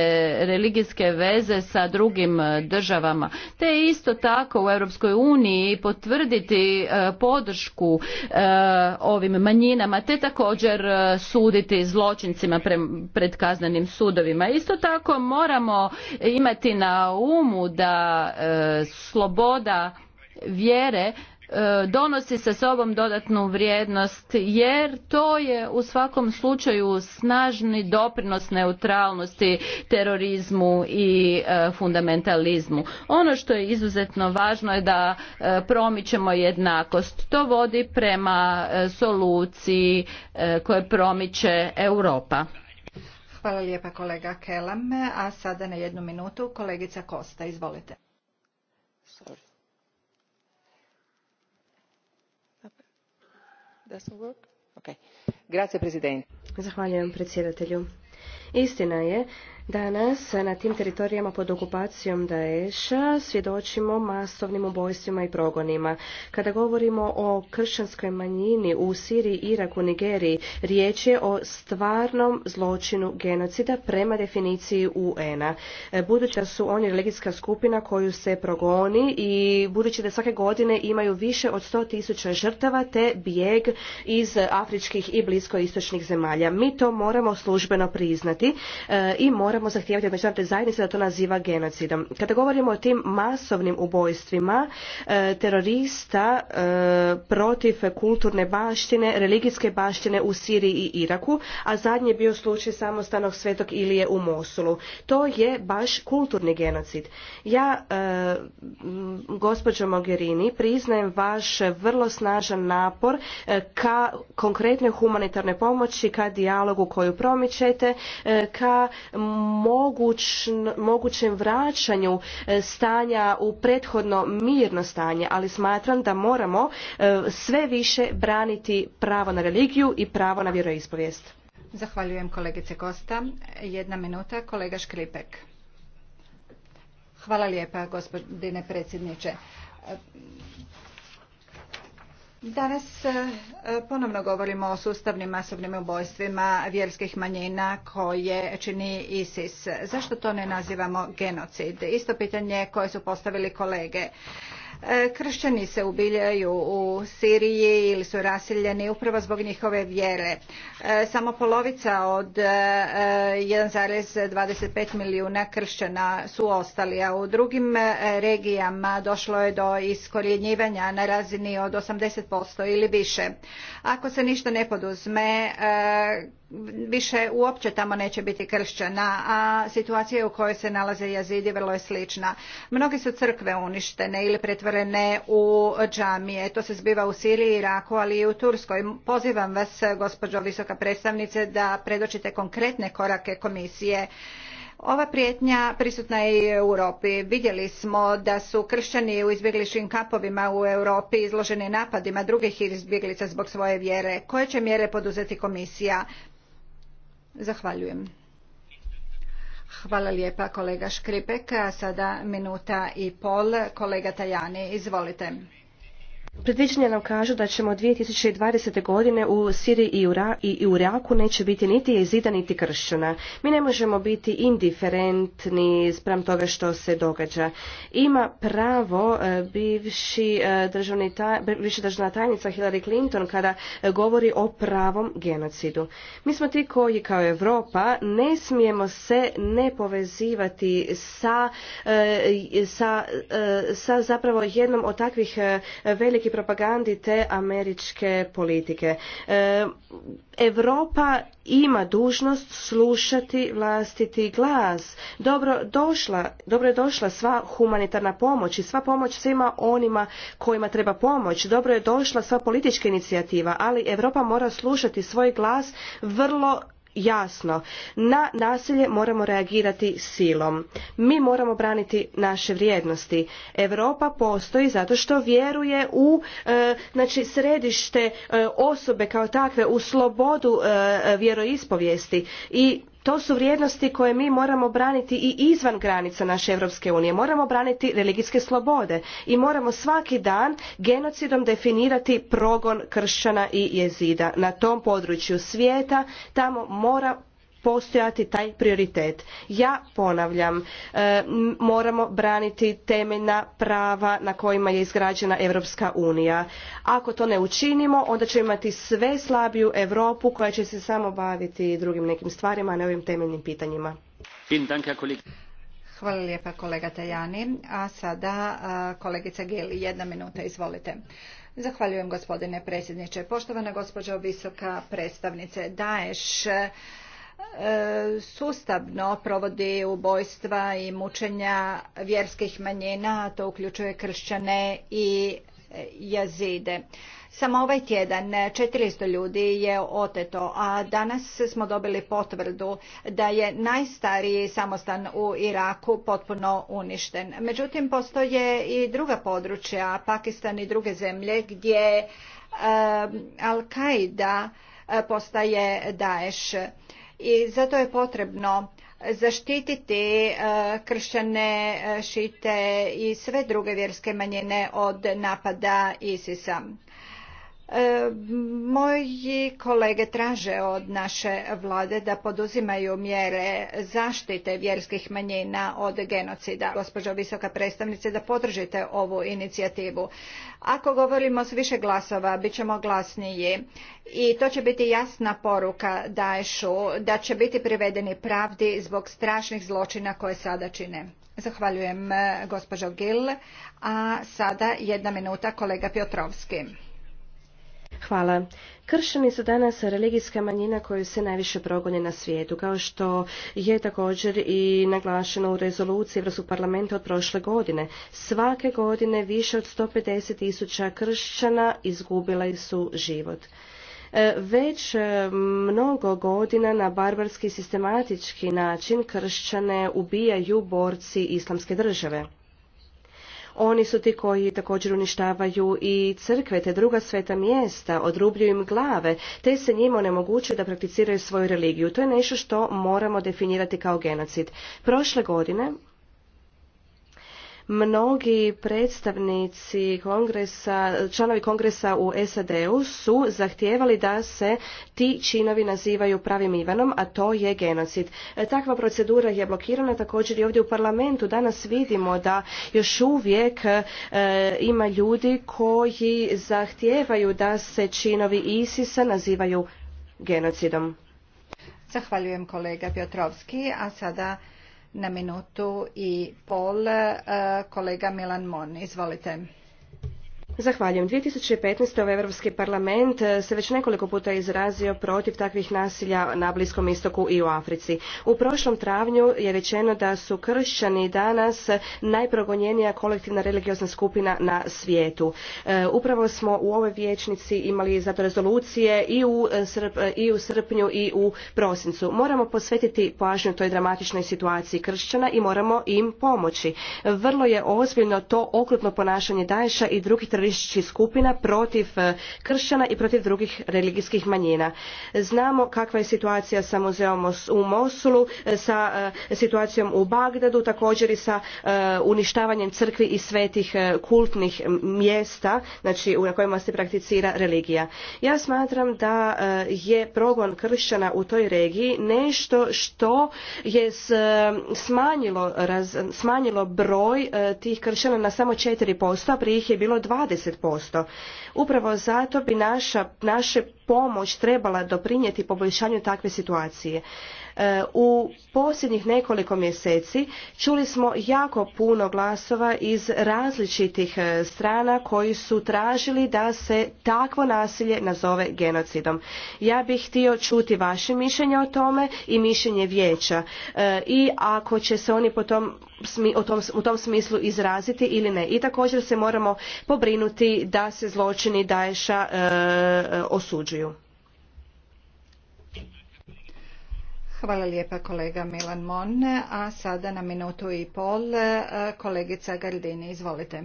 religijske veze sa drugim državama. Te isto tako u Europskoj uniji potvrditi e, podršku ovim manjinama te također suditi zločincima pred kaznenim sudovima. Isto tako moramo imati na umu da da e, sloboda vjere e, donosi sa sobom dodatnu vrijednost jer to je u svakom slučaju snažni doprinos neutralnosti terorizmu i e, fundamentalizmu. Ono što je izuzetno važno je da promičemo jednakost. To vodi prema soluciji koje promiče Europa. Hvala lijepa kolega Kelam. A sada na jednu minutu kolegica Kosta. Izvolite. Sorry. Work? Okay. Grazie, Zahvaljujem predsjedatelju. Istina je Danas na tim teritorijama pod okupacijom Daesha svjedočimo masovnim ubojstvima i progonima. Kada govorimo o kršćanskoj manjini u Siriji, Iraku, Nigeriji, riječ je o stvarnom zločinu genocida prema definiciji UN-a. E, budući da su oni religijska skupina koju se progoni i budući da svake godine imaju više od 100.000 žrtava te bijeg iz afričkih i bliskoistočnih zemalja. Mi to moramo službeno priznati e, i moramo moramo zahtijevati od međunarodne zajednice da to naziva genocidom. Kada govorimo o tim masovnim ubojstvima e, terorista e, protiv kulturne baštine, religijske baštine u Siriji i Iraku, a zadnji je bio slučaj samostanog svetog Ilije u Mosulu. To je baš kulturni genocid. Ja, e, gospođo Mogherini, priznajem vaš vrlo snažan napor ka konkretnoj humanitarnoj pomoći, ka dijalogu koju promičete, ka moguć, mogućem vraćanju e, stanja u prethodno mirno stanje, ali smatram da moramo e, sve više braniti pravo na religiju i pravo na vjeroispovijest. Zahvaljujem kolegice Kosta. Jedna minuta, kolega Škripek. Hvala lijepa, gospodine predsjedniče Danas e, ponovno govorimo o sustavnim masovnim ubojstvima vjerskih manjina koje čini ISIS. Zašto to ne nazivamo genocid? Isto pitanje koje su postavili kolege. E, kršćani se ubiljaju u Siriji ili su rasiljeni upravo zbog njihove vjere. E, samo polovica od 1,25 e, milijuna kršćana su ostali, a u drugim regijama došlo je do iskorjenjivanja na razini od 80% ili više. Ako se ništa ne poduzme, više uopće tamo neće biti kršćana, a situacija u kojoj se nalaze jazidi vrlo je slična. Mnogi su crkve uništene ili pretvorene u džamije. To se zbiva u Siriji, Iraku, ali i u Turskoj. Pozivam vas, gospođo visoka predstavnice, da predočite konkretne korake komisije ova prijetnja prisutna je i u Europi. Vidjeli smo da su kršćani u izbjegličkim kapovima u Europi izloženi napadima drugih izbjeglica zbog svoje vjere. Koje će mjere poduzeti komisija? Zahvaljujem. Hvala lijepa kolega Škripek. sada minuta i pol. Kolega Tajani, izvolite. Predviđenja nam kažu da ćemo 2020. godine u Siriji i, u Iraku neće biti niti jezida niti kršćana. Mi ne možemo biti indiferentni spram toga što se događa. Ima pravo e, bivši e, državni državna tajnica Hillary Clinton kada e, govori o pravom genocidu. Mi smo ti koji kao Europa ne smijemo se ne povezivati sa, sa zapravo jednom od takvih velikih i propagandi te američke politike. Europa ima dužnost slušati vlastiti glas. Dobro, došla, dobro je došla sva humanitarna pomoć i sva pomoć svima onima kojima treba pomoć. Dobro je došla sva politička inicijativa, ali Europa mora slušati svoj glas vrlo jasno. Na nasilje moramo reagirati silom. Mi moramo braniti naše vrijednosti. Europa postoji zato što vjeruje u e, znači, središte e, osobe kao takve, u slobodu e, vjeroispovijesti i to su vrijednosti koje mi moramo braniti i izvan granica naše Europske unije. Moramo braniti religijske slobode i moramo svaki dan genocidom definirati progon kršćana i jezida na tom području svijeta. Tamo mora postojati taj prioritet. Ja ponavljam, e, moramo braniti temeljna prava na kojima je izgrađena Europska unija. Ako to ne učinimo, onda ćemo imati sve slabiju Europu koja će se samo baviti drugim nekim stvarima, a ne ovim temeljnim pitanjima. Hvala lijepa kolega Tajani. A sada kolegica Geli, jedna minuta, izvolite. Zahvaljujem gospodine predsjedniče. Poštovana gospođo visoka predstavnice, Daješ E, sustavno provodi ubojstva i mučenja vjerskih manjina, a to uključuje kršćane i e, jazide. Samo ovaj tjedan 400 ljudi je oteto, a danas smo dobili potvrdu da je najstariji samostan u Iraku potpuno uništen. Međutim, postoje i druga područja, Pakistan i druge zemlje, gdje e, Al-Qaida postaje Daesh i zato je potrebno zaštititi e, kršćane, e, šite i sve druge vjerske manjine od napada ISIS-a. E, moji kolege traže od naše vlade da poduzimaju mjere zaštite vjerskih manjina od genocida. Gospođo visoka predstavnice, da podržite ovu inicijativu. Ako govorimo s više glasova, bit ćemo glasniji i to će biti jasna poruka da će biti privedeni pravdi zbog strašnih zločina koje sada čine. Zahvaljujem e, gospođo Gil, a sada jedna minuta kolega Piotrovski. Hvala. Kršćani su danas religijska manjina koju se najviše progonje na svijetu, kao što je također i naglašeno u rezoluciji Evropskog parlamenta od prošle godine. Svake godine više od 150 tisuća kršćana izgubila su život e, već e, mnogo godina na barbarski sistematički način kršćane ubijaju borci islamske države. Oni su ti koji također uništavaju i crkve te druga sveta mjesta, odrubljuju im glave, te se njima onemogućuje da prakticiraju svoju religiju. To je nešto što moramo definirati kao genocid. Prošle godine Mnogi predstavnici kongresa, članovi kongresa u SAD-u su zahtijevali da se ti činovi nazivaju pravim Ivanom, a to je genocid. E, takva procedura je blokirana također i ovdje u parlamentu. Danas vidimo da još uvijek e, ima ljudi koji zahtijevaju da se činovi ISIS-a nazivaju genocidom. Zahvaljujem kolega Piotrovski, a sada na minutu i pol e, kolega Milan Mon. Izvolite. Zahvaljujem. 2015. Ovaj Europski parlament eh, se već nekoliko puta izrazio protiv takvih nasilja na Bliskom istoku i u Africi. U prošlom travnju je rečeno da su kršćani danas najprogonjenija kolektivna religiozna skupina na svijetu. Eh, upravo smo u ovoj vijećnici imali zato rezolucije eh, i u, srpnju i u prosincu. Moramo posvetiti pažnju toj dramatičnoj situaciji kršćana i moramo im pomoći. Vrlo je ozbiljno to okrutno ponašanje Daesha i drugih terorističkih skupina protiv e, kršćana i protiv drugih religijskih manjina. Znamo kakva je situacija sa muzeom u Mosulu, e, sa e, situacijom u Bagdadu, također i sa uništavanjem crkvi i svetih kultnih mjesta znači na kojima se prakticira religija. Ja smatram da je progon kršćana u toj regiji nešto što je smanjilo, smanjilo broj tih kršćana na samo 4%, a prije ih je bilo 20 Upravo zato bi naša, naše pomoć trebala doprinijeti poboljšanju takve situacije. E, u posljednjih nekoliko mjeseci čuli smo jako puno glasova iz različitih e, strana koji su tražili da se takvo nasilje nazove genocidom. Ja bih htio čuti vaše mišljenje o tome i mišljenje vijeća e, i ako će se oni u tom smislu izraziti ili ne. I također se moramo pobrinuti da se zločini Daesha osuđuju. Hvala lijepa kolega Milan Mon. A sada na minutu i pol e, kolegica Gardini. Izvolite.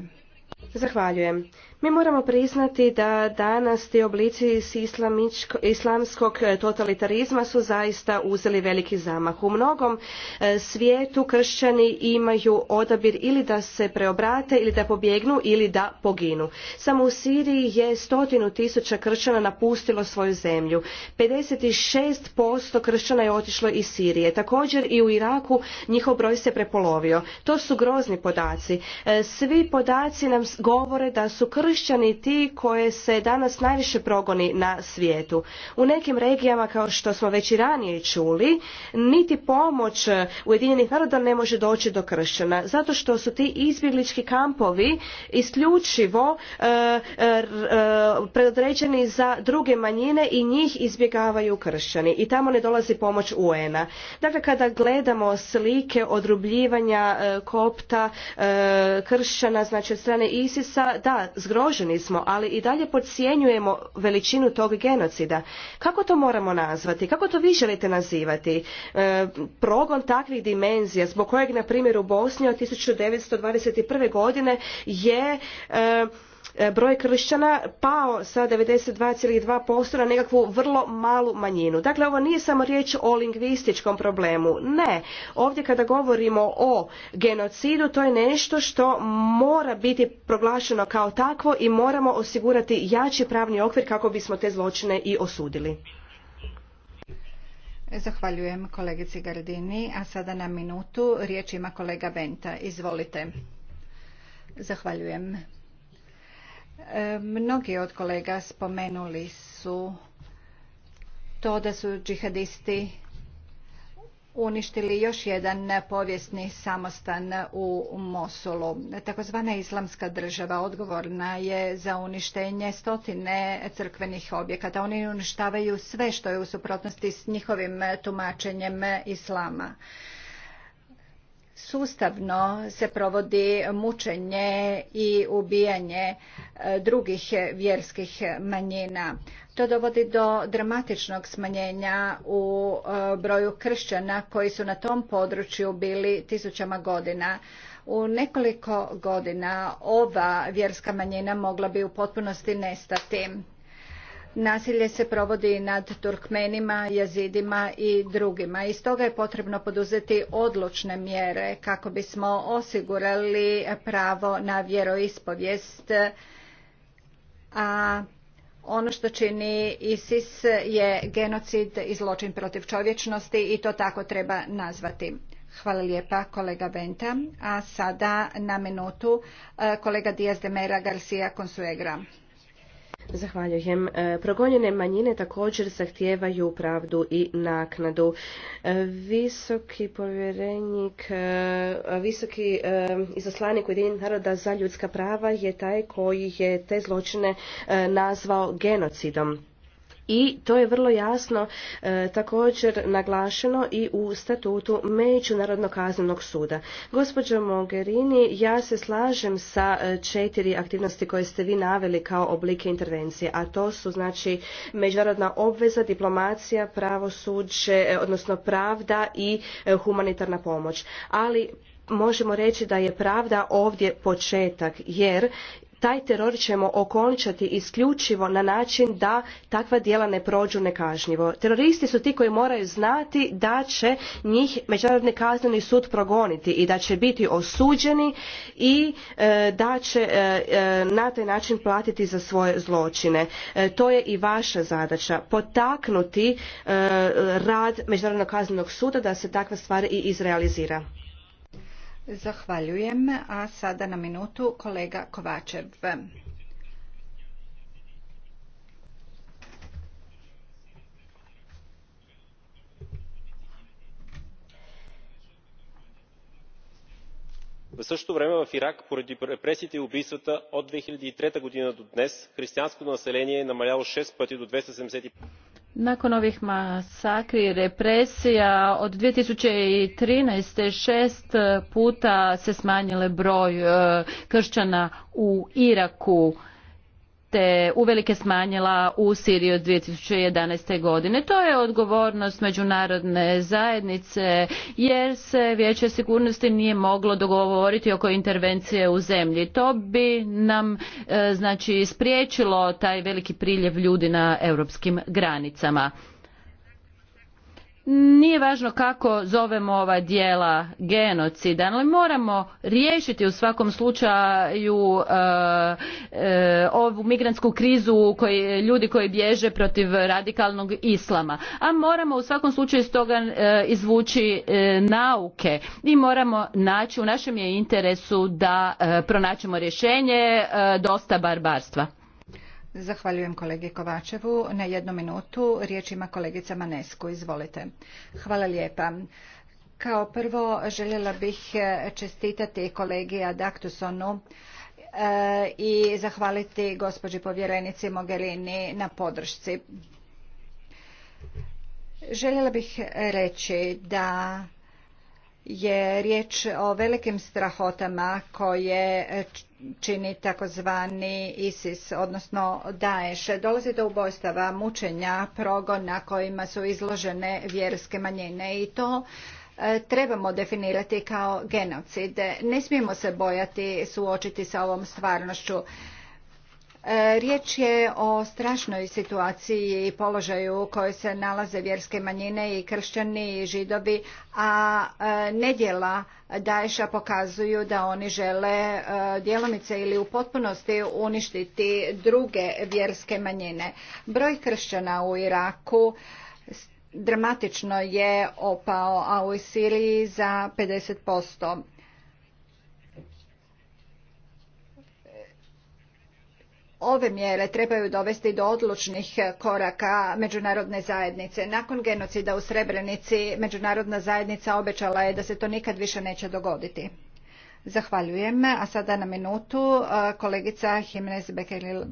Zahvaljujem. Mi moramo priznati da danas ti oblici islamskog e, totalitarizma su zaista uzeli veliki zamah. U mnogom e, svijetu kršćani imaju odabir ili da se preobrate ili da pobjegnu ili da poginu. Samo u Siriji je stotinu tisuća kršćana napustilo svoju zemlju. 56% kršćana je otišlo iz Sirije. Također i u Iraku njihov broj se prepolovio. To su grozni podaci. E, svi podaci nam govore da su kršćani kršćani ti koje se danas najviše progoni na svijetu. U nekim regijama, kao što smo već i ranije čuli, niti pomoć Ujedinjenih naroda ne može doći do kršćana, zato što su ti izbjeglički kampovi isključivo e, e, e predodređeni za druge manjine i njih izbjegavaju kršćani i tamo ne dolazi pomoć UN-a. Dakle, kada gledamo slike odrubljivanja e, kopta kršćana, znači od strane Isisa, da, zgroženi smo, ali i dalje podcjenjujemo veličinu tog genocida. Kako to moramo nazvati? Kako to vi želite nazivati? E, progon takvih dimenzija, zbog kojeg, na primjer, u Bosni od 1921. godine je... E, E, broj kršćana pao sa 92,2% na nekakvu vrlo malu manjinu. Dakle, ovo nije samo riječ o lingvističkom problemu. Ne. Ovdje kada govorimo o genocidu, to je nešto što mora biti proglašeno kao takvo i moramo osigurati jači pravni okvir kako bismo te zločine i osudili. Zahvaljujem kolegici Gardini, a sada na minutu riječ ima kolega Benta. Izvolite. Zahvaljujem E, mnogi od kolega spomenuli su to da su džihadisti uništili još jedan povijesni samostan u Mosulu. Takozvana islamska država odgovorna je za uništenje stotine crkvenih objekata. Oni uništavaju sve što je u suprotnosti s njihovim tumačenjem islama sustavno se provodi mučenje i ubijanje e, drugih vjerskih manjina. To dovodi do dramatičnog smanjenja u e, broju kršćana koji su na tom području bili tisućama godina. U nekoliko godina ova vjerska manjina mogla bi u potpunosti nestati. Nasilje se provodi nad Turkmenima, jezidima i drugima i stoga je potrebno poduzeti odlučne mjere kako bismo osigurali pravo na vjeroispovijest, a ono što čini ISIS je genocid i zločin protiv čovječnosti i to tako treba nazvati. Hvala lijepa kolega Venta. A sada na minutu e, kolega Diaz de Mera Garcia Consuegra. Zahvaljujem. E, progonjene manjine također zahtijevaju pravdu i naknadu. E, visoki povjerenik, e, visoki izaslanik Ujedinjenih naroda za ljudska prava je taj koji je te zločine nazvao genocidom i to je vrlo jasno e, također naglašeno i u statutu Međunarodnog kaznenog suda. Gospođo Mogherini, ja se slažem sa e, četiri aktivnosti koje ste vi naveli kao oblike intervencije, a to su znači međunarodna obveza, diplomacija, pravosuđe, e, odnosno pravda i humanitarna pomoć. Ali možemo reći da je pravda ovdje početak jer taj teror ćemo okončati isključivo na način da takva djela ne prođu nekažnjivo. Teroristi su ti koji moraju znati da će njih Međunarodni kazneni sud progoniti i da će biti osuđeni i e, da će e, e, na taj način platiti za svoje zločine. to je i vaša zadaća potaknuti rad Međunarodnog kaznenog suda da se takva stvar i izrealizira. Zahvaljujem. A sada na minutu kolega Kovačev. в същото време в ирак поради репресиите и убийствата от 2003 г. до днес християнското население е намаляло шест пъти до 275. Nakon ovih masakri i represija od 2013. šest puta se smanjile broj e, kršćana u Iraku te uvelike smanjila u Siriji od 2011. godine. To je odgovornost međunarodne zajednice jer se Vijeće sigurnosti nije moglo dogovoriti oko intervencije u zemlji. To bi nam e, znači spriječilo taj veliki priljev ljudi na europskim granicama nije važno kako zovemo ova dijela genocida, ali moramo riješiti u svakom slučaju e, e, ovu migrantsku krizu ljudi koji bježe protiv radikalnog islama. A moramo u svakom slučaju iz toga e, izvući nauke i moramo naći, u našem je interesu da pronaćemo rješenje dosta barbarstva. Zahvaljujem kolegi Kovačevu. Na jednu minutu riječ ima kolegica Manesku, Izvolite. Hvala lijepa. Kao prvo željela bih e, čestitati kolegi Adaktusonu e, i zahvaliti gospođi povjerenici Mogherini na podršci. Željela bih reći da je riječ o velikim strahotama koje čini takozvani ISIS, odnosno Daesh. Dolazi do ubojstava, mučenja, progona kojima su izložene vjerske manjine i to e, trebamo definirati kao genocid. Ne smijemo se bojati suočiti sa ovom stvarnošću. E, riječ je o strašnoj situaciji i položaju u kojoj se nalaze vjerske manjine i kršćani i židovi, a e, nedjela Daesha pokazuju da oni žele e, djelomice ili u potpunosti uništiti druge vjerske manjine. Broj kršćana u Iraku dramatično je opao, a u Siriji za 50%. ove mjere trebaju dovesti do odlučnih koraka međunarodne zajednice. Nakon genocida u Srebrenici međunarodna zajednica obećala je da se to nikad više neće dogoditi. Zahvaljujem. A sada na minutu e, kolegica Jimenez Bekeril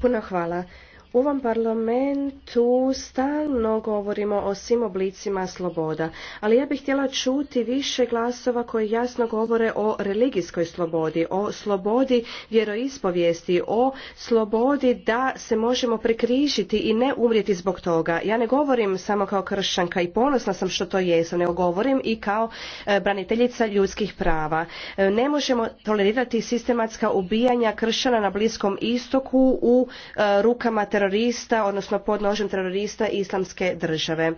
Puno hvala. U ovom parlamentu stalno govorimo o svim oblicima sloboda, ali ja bih htjela čuti više glasova koji jasno govore o religijskoj slobodi, o slobodi vjeroispovijesti, o slobodi da se možemo prekrižiti i ne umrijeti zbog toga. Ja ne govorim samo kao kršćanka i ponosna sam što to jesam, nego govorim i kao e, braniteljica ljudskih prava. E, ne možemo tolerirati sistematska ubijanja kršćana na Bliskom istoku u e, rukama terorista terorista, odnosno pod nožem terorista islamske države.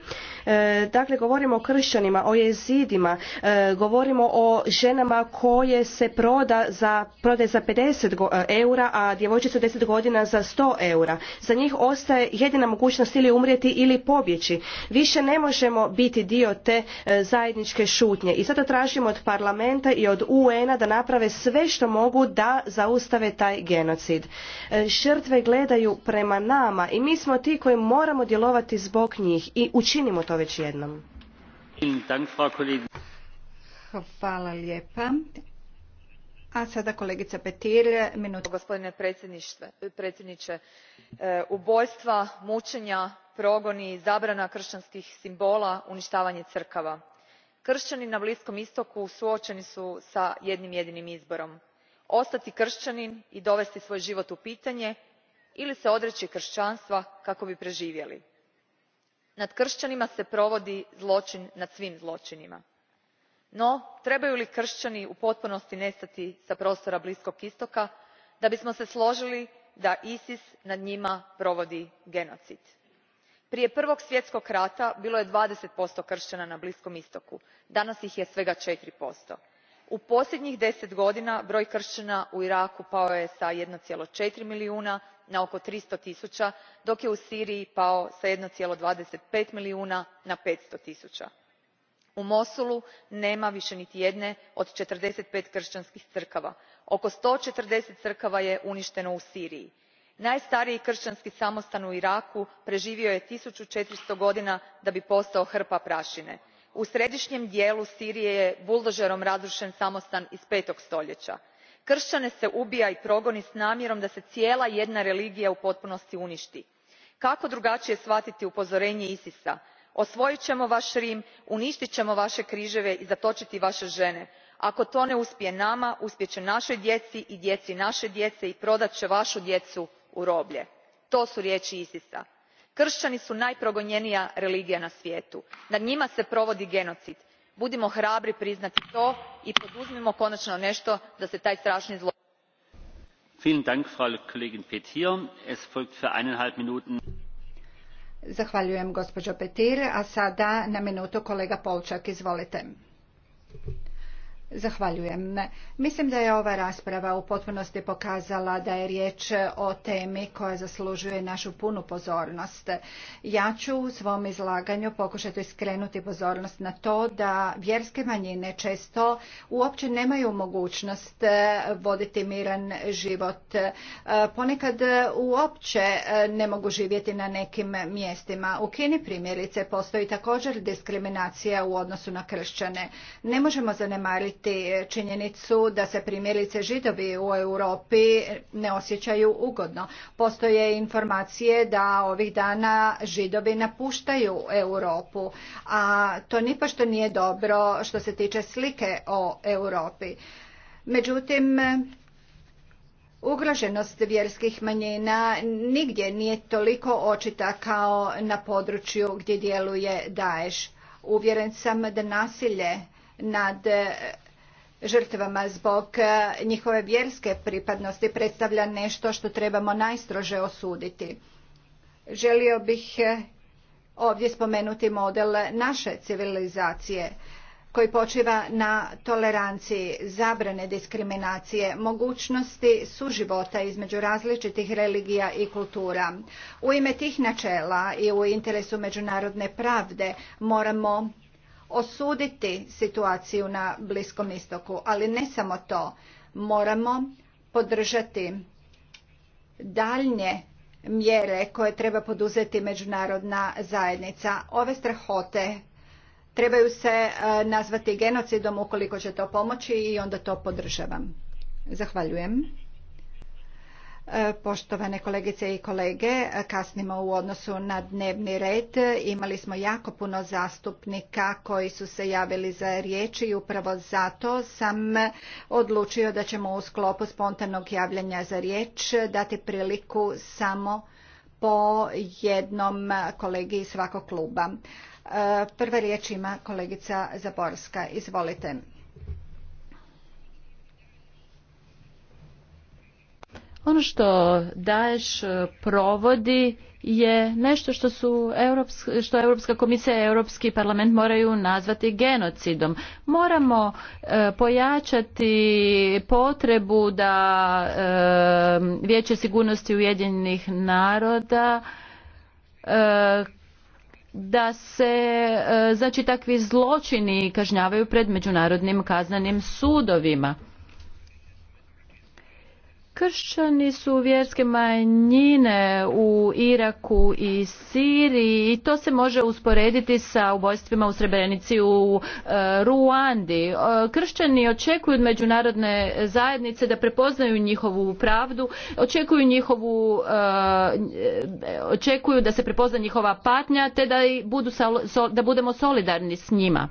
E, dakle, govorimo o kršćanima, o jezidima, e, govorimo o ženama koje se proda za, prode za 50 e, eura, a djevojčicu 10 godina za 100 eura. Za njih ostaje jedina mogućnost ili umrijeti ili pobjeći. Više ne možemo biti dio te zajedničke šutnje. I zato tražimo od parlamenta i od UN-a da naprave sve što mogu da zaustave taj genocid. Žrtve gledaju prema nama i mi smo ti koji moramo djelovati zbog njih i učinimo to već jednom. Hvala lijepa. A sada kolegica Petir, minuta. Gospodine predsjedniče, e, ubojstva, mučenja, progoni, zabrana kršćanskih simbola, uništavanje crkava. Kršćani na Bliskom istoku suočeni su sa jednim jedinim izborom. Ostati kršćanin i dovesti svoj život u pitanje ili se odreći kršćanstva kako bi preživjeli. nad kršćanima se provodi zločin nad svim zločinima. no trebaju li kršćani u potpunosti nestati sa prostora bliskog istoka da bismo se složili da isis nad njima provodi genocid? prije prvog svjetskog rata bilo je twenty kršćana na bliskom istoku danas ih je svega four u posljednjih deset godina broj kršćana u iraku pao je s one four milijuna na oko three hundred dok je u siriji pao s one twenty five milijuna na five hundred u mosulu nema više niti jedne od forty five kranskih crkava. oko one hundred crkava je uniteno u siriji. najstariji kranski samostan u iraku preživio je one four hundred godina da bi postao hrpa praine u središnjem dijelu sirije je buldožerom razrušen samostan iz. five stoljeća. kršćane se ubija i progoni s namjerom da se cijela jedna religija u potpunosti uništi. kako drugačije shvatiti upozorenje Isisa? a osvojit ćemo vaš rim uništit ćemo vaše križeve i zatočiti vaše žene. ako to ne uspije nama uspjet će našoj djeci i djeci naše djece i prodat će vašu djecu u roblje. to su riječi Isisa kršćani su najprogonjenija religija na svijetu. nad njima se provodi genocid. budimo hrabri priznati to i poduzmimo konačno nešto da se taj strašni zločin Zahvaljujem. Mislim da je ova rasprava u potpunosti pokazala da je riječ o temi koja zaslužuje našu punu pozornost. Ja ću u svom izlaganju pokušati skrenuti pozornost na to da vjerske manjine često uopće nemaju mogućnost e, voditi miran život. E, ponekad uopće e, ne mogu živjeti na nekim mjestima. U Kini primjerice postoji također diskriminacija u odnosu na kršćane. Ne možemo zanemariti činjenicu da se primjerice židovi u Europi ne osjećaju ugodno. Postoje informacije da ovih dana židovi napuštaju Europu, a to nipošto nije dobro što se tiče slike o Europi. Međutim, Ugroženost vjerskih manjina nigdje nije toliko očita kao na području gdje djeluje Daesh. Uvjeren sam da nasilje nad žrtvama zbog e, njihove vjerske pripadnosti predstavlja nešto što trebamo najstrože osuditi. Želio bih e, ovdje spomenuti model naše civilizacije koji počiva na toleranciji, zabrane diskriminacije, mogućnosti suživota između različitih religija i kultura. U ime tih načela i u interesu međunarodne pravde moramo osuditi situaciju na Bliskom istoku, ali ne samo to. Moramo podržati daljnje mjere koje treba poduzeti međunarodna zajednica. Ove strahote trebaju se e, nazvati genocidom ukoliko će to pomoći i onda to podržavam. Zahvaljujem. E, poštovane kolegice i kolege, kasnimo u odnosu na dnevni red. Imali smo jako puno zastupnika koji su se javili za riječ i upravo zato sam odlučio da ćemo u sklopu spontanog javljanja za riječ dati priliku samo po jednom kolegi iz svakog kluba. E, prva riječ ima kolegica Zaborska. Izvolite. Ono što Daesh e, provodi je nešto što su Europska, što Europska komisija i Europski parlament moraju nazvati genocidom. Moramo e, pojačati potrebu da e, Vijeće sigurnosti Ujedinjenih naroda da se znači takvi zločini kažnjavaju pred međunarodnim kaznenim sudovima. Kršćani su vjerske manjine u Iraku i Siriji i to se može usporediti sa ubojstvima u Srebrenici u e, Ruandi. E, kršćani očekuju od međunarodne zajednice da prepoznaju njihovu pravdu, očekuju njihovu e, očekuju da se prepozna njihova patnja te da, da budemo solidarni s njima.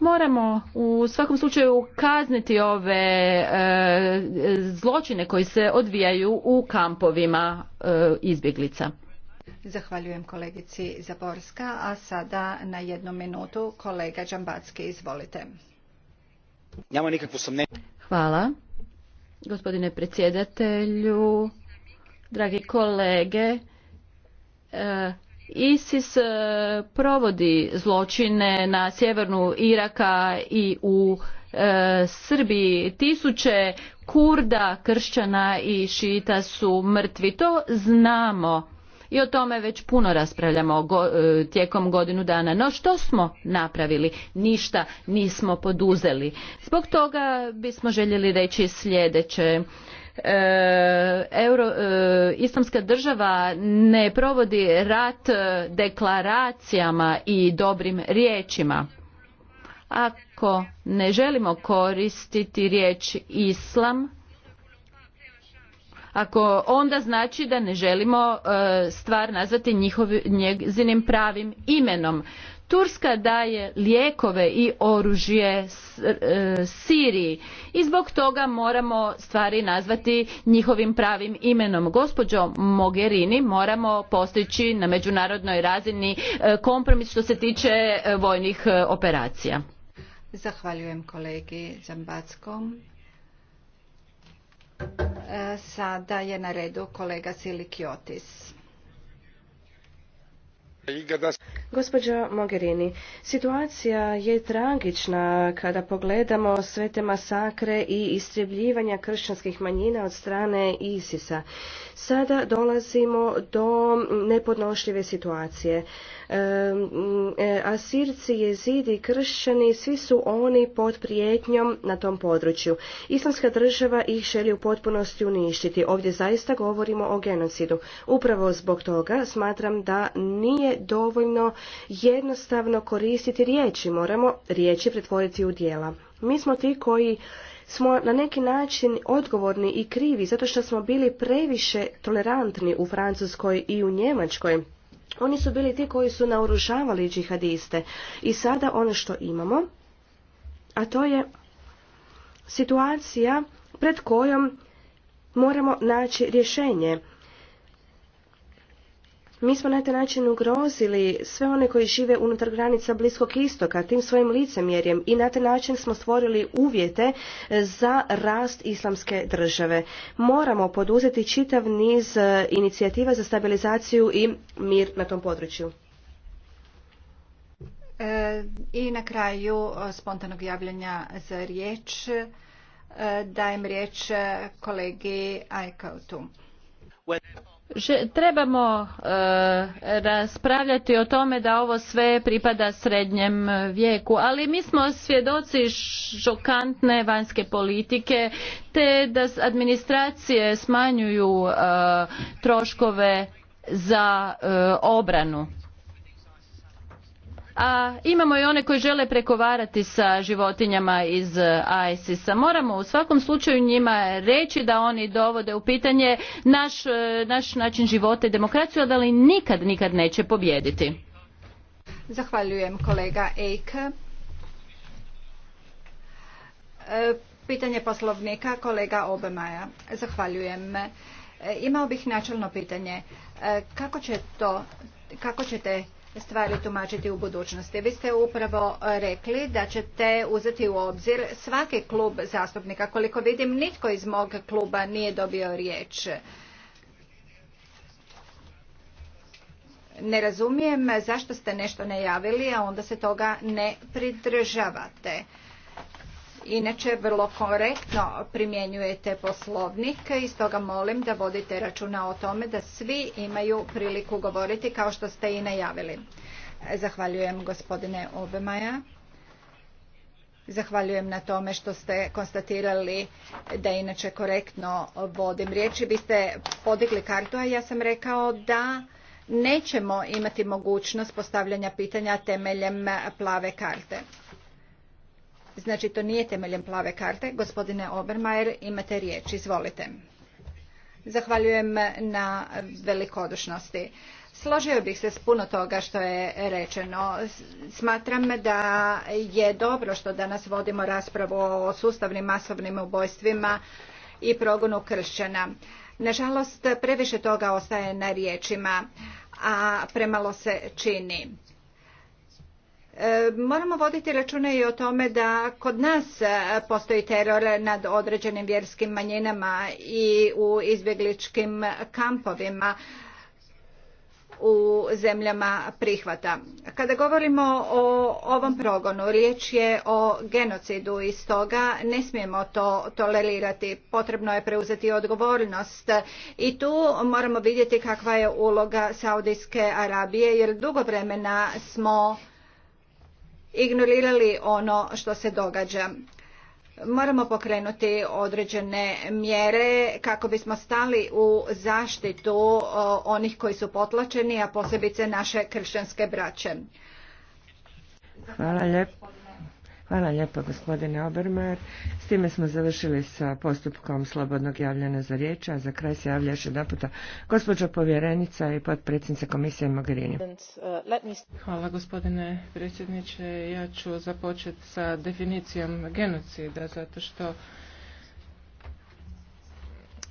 Moramo u svakom slučaju kazniti ove e, zločine koji se odvijaju u kampovima e, izbjeglica. Zahvaljujem kolegici Zaborska, a sada na jednu minutu kolega Đambacki, izvolite. Hvala. Gospodine predsjedatelju, dragi kolege, e, ISIS e, provodi zločine na sjevernu Iraka i u e, Srbiji. Tisuće kurda, kršćana i šita su mrtvi. To znamo i o tome već puno raspravljamo e, tijekom godinu dana. No što smo napravili? Ništa nismo poduzeli. Zbog toga bismo željeli reći sljedeće. E, Euro, e, islamska država ne provodi rat e, deklaracijama i dobrim riječima. Ako ne želimo koristiti riječ islam, ako onda znači da ne želimo stvar nazvati njezinim pravim imenom Turska daje lijekove i oružje e, Siriji i zbog toga moramo stvari nazvati njihovim pravim imenom. Gospođo Mogherini moramo postići na međunarodnoj razini e, kompromis što se tiče e, vojnih operacija. Zahvaljujem kolegi Zambackom. Sada je na redu kolega Silikiotis. Gospođo Mogherini, situacija je tragična kada pogledamo sve te masakre i istrebljivanja kršćanskih manjina od strane ISIS-a. Sada dolazimo do nepodnošljive situacije. E, Asirci, jezidi, kršćani, svi su oni pod prijetnjom na tom području. Islamska država ih želi u potpunosti uništiti. Ovdje zaista govorimo o genocidu. Upravo zbog toga smatram da nije dovoljno jednostavno koristiti riječi. Moramo riječi pretvoriti u dijela. Mi smo ti koji smo na neki način odgovorni i krivi zato što smo bili previše tolerantni u Francuskoj i u Njemačkoj oni su bili ti koji su naoružavali džihadiste. I sada ono što imamo, a to je situacija pred kojom moramo naći rješenje mi smo na taj način ugrozili sve one koji žive unutar granica Bliskog istoka tim svojim licemjerjem i na taj način smo stvorili uvjete e, za rast islamske države. Moramo poduzeti čitav niz e, inicijativa za stabilizaciju i mir na tom području. E, I na kraju spontanog javljanja za riječ dajem riječ kolegi Aikautu trebamo e, raspravljati o tome da ovo sve pripada srednjem vijeku ali mi smo svjedoci šokantne vanjske politike te da administracije smanjuju e, troškove za e, obranu a imamo i one koji žele pregovarati sa životinjama iz e, ISIS-a. Moramo u svakom slučaju njima reći da oni dovode u pitanje naš, e, način života i demokraciju, ali da li nikad, nikad neće pobijediti. Zahvaljujem kolega Eik. E, pitanje poslovnika kolega Obemaja. Zahvaljujem. Imao bih načelno pitanje. Kako, će to, kako ćete stvari tumačiti u budućnosti. Vi ste upravo e, rekli da ćete uzeti u obzir svaki klub zastupnika. Koliko vidim, nitko iz mog kluba nije dobio riječ. Ne razumijem zašto ste nešto najavili, a onda se toga ne pridržavate. Inače, vrlo korektno primjenjujete poslovnik i stoga molim da vodite računa o tome da svi imaju priliku govoriti kao što ste i najavili. Zahvaljujem gospodine Obemaja. Zahvaljujem na tome što ste konstatirali da inače korektno vodim riječi. Vi ste podigli kartu, a ja sam rekao da nećemo imati mogućnost postavljanja pitanja temeljem plave karte. Znači, to nije temeljem plave karte. Gospodine Obermajer, imate riječ. Izvolite. Zahvaljujem na velikodušnosti. Složio bih se s puno toga što je rečeno. Smatram da je dobro što danas vodimo raspravu o sustavnim masovnim ubojstvima i progonu kršćana. Nažalost, previše toga ostaje na riječima, a premalo se čini. E, moramo voditi računa i o tome da kod nas e, postoji teror nad određenim vjerskim manjinama i u izbjegličkim kampovima u zemljama prihvata. Kada govorimo o ovom progonu, riječ je o genocidu i stoga ne smijemo to tolerirati. Potrebno je preuzeti odgovornost i tu moramo vidjeti kakva je uloga Saudijske Arabije jer dugo vremena smo ignorirali ono što se događa. Moramo pokrenuti određene mjere kako bismo stali u zaštitu onih koji su potlačeni, a posebice naše kršćanske braće. Hvala lijepo. Hvala lijepo gospodine Obermajer. S time smo završili sa postupkom slobodnog javljanja za riječ, a za kraj se javlja još jedan puta gospođa povjerenica i potpredsjednica komisije Mogherini. Hvala gospodine predsjedniče. Ja ću započeti sa definicijom genocida, zato što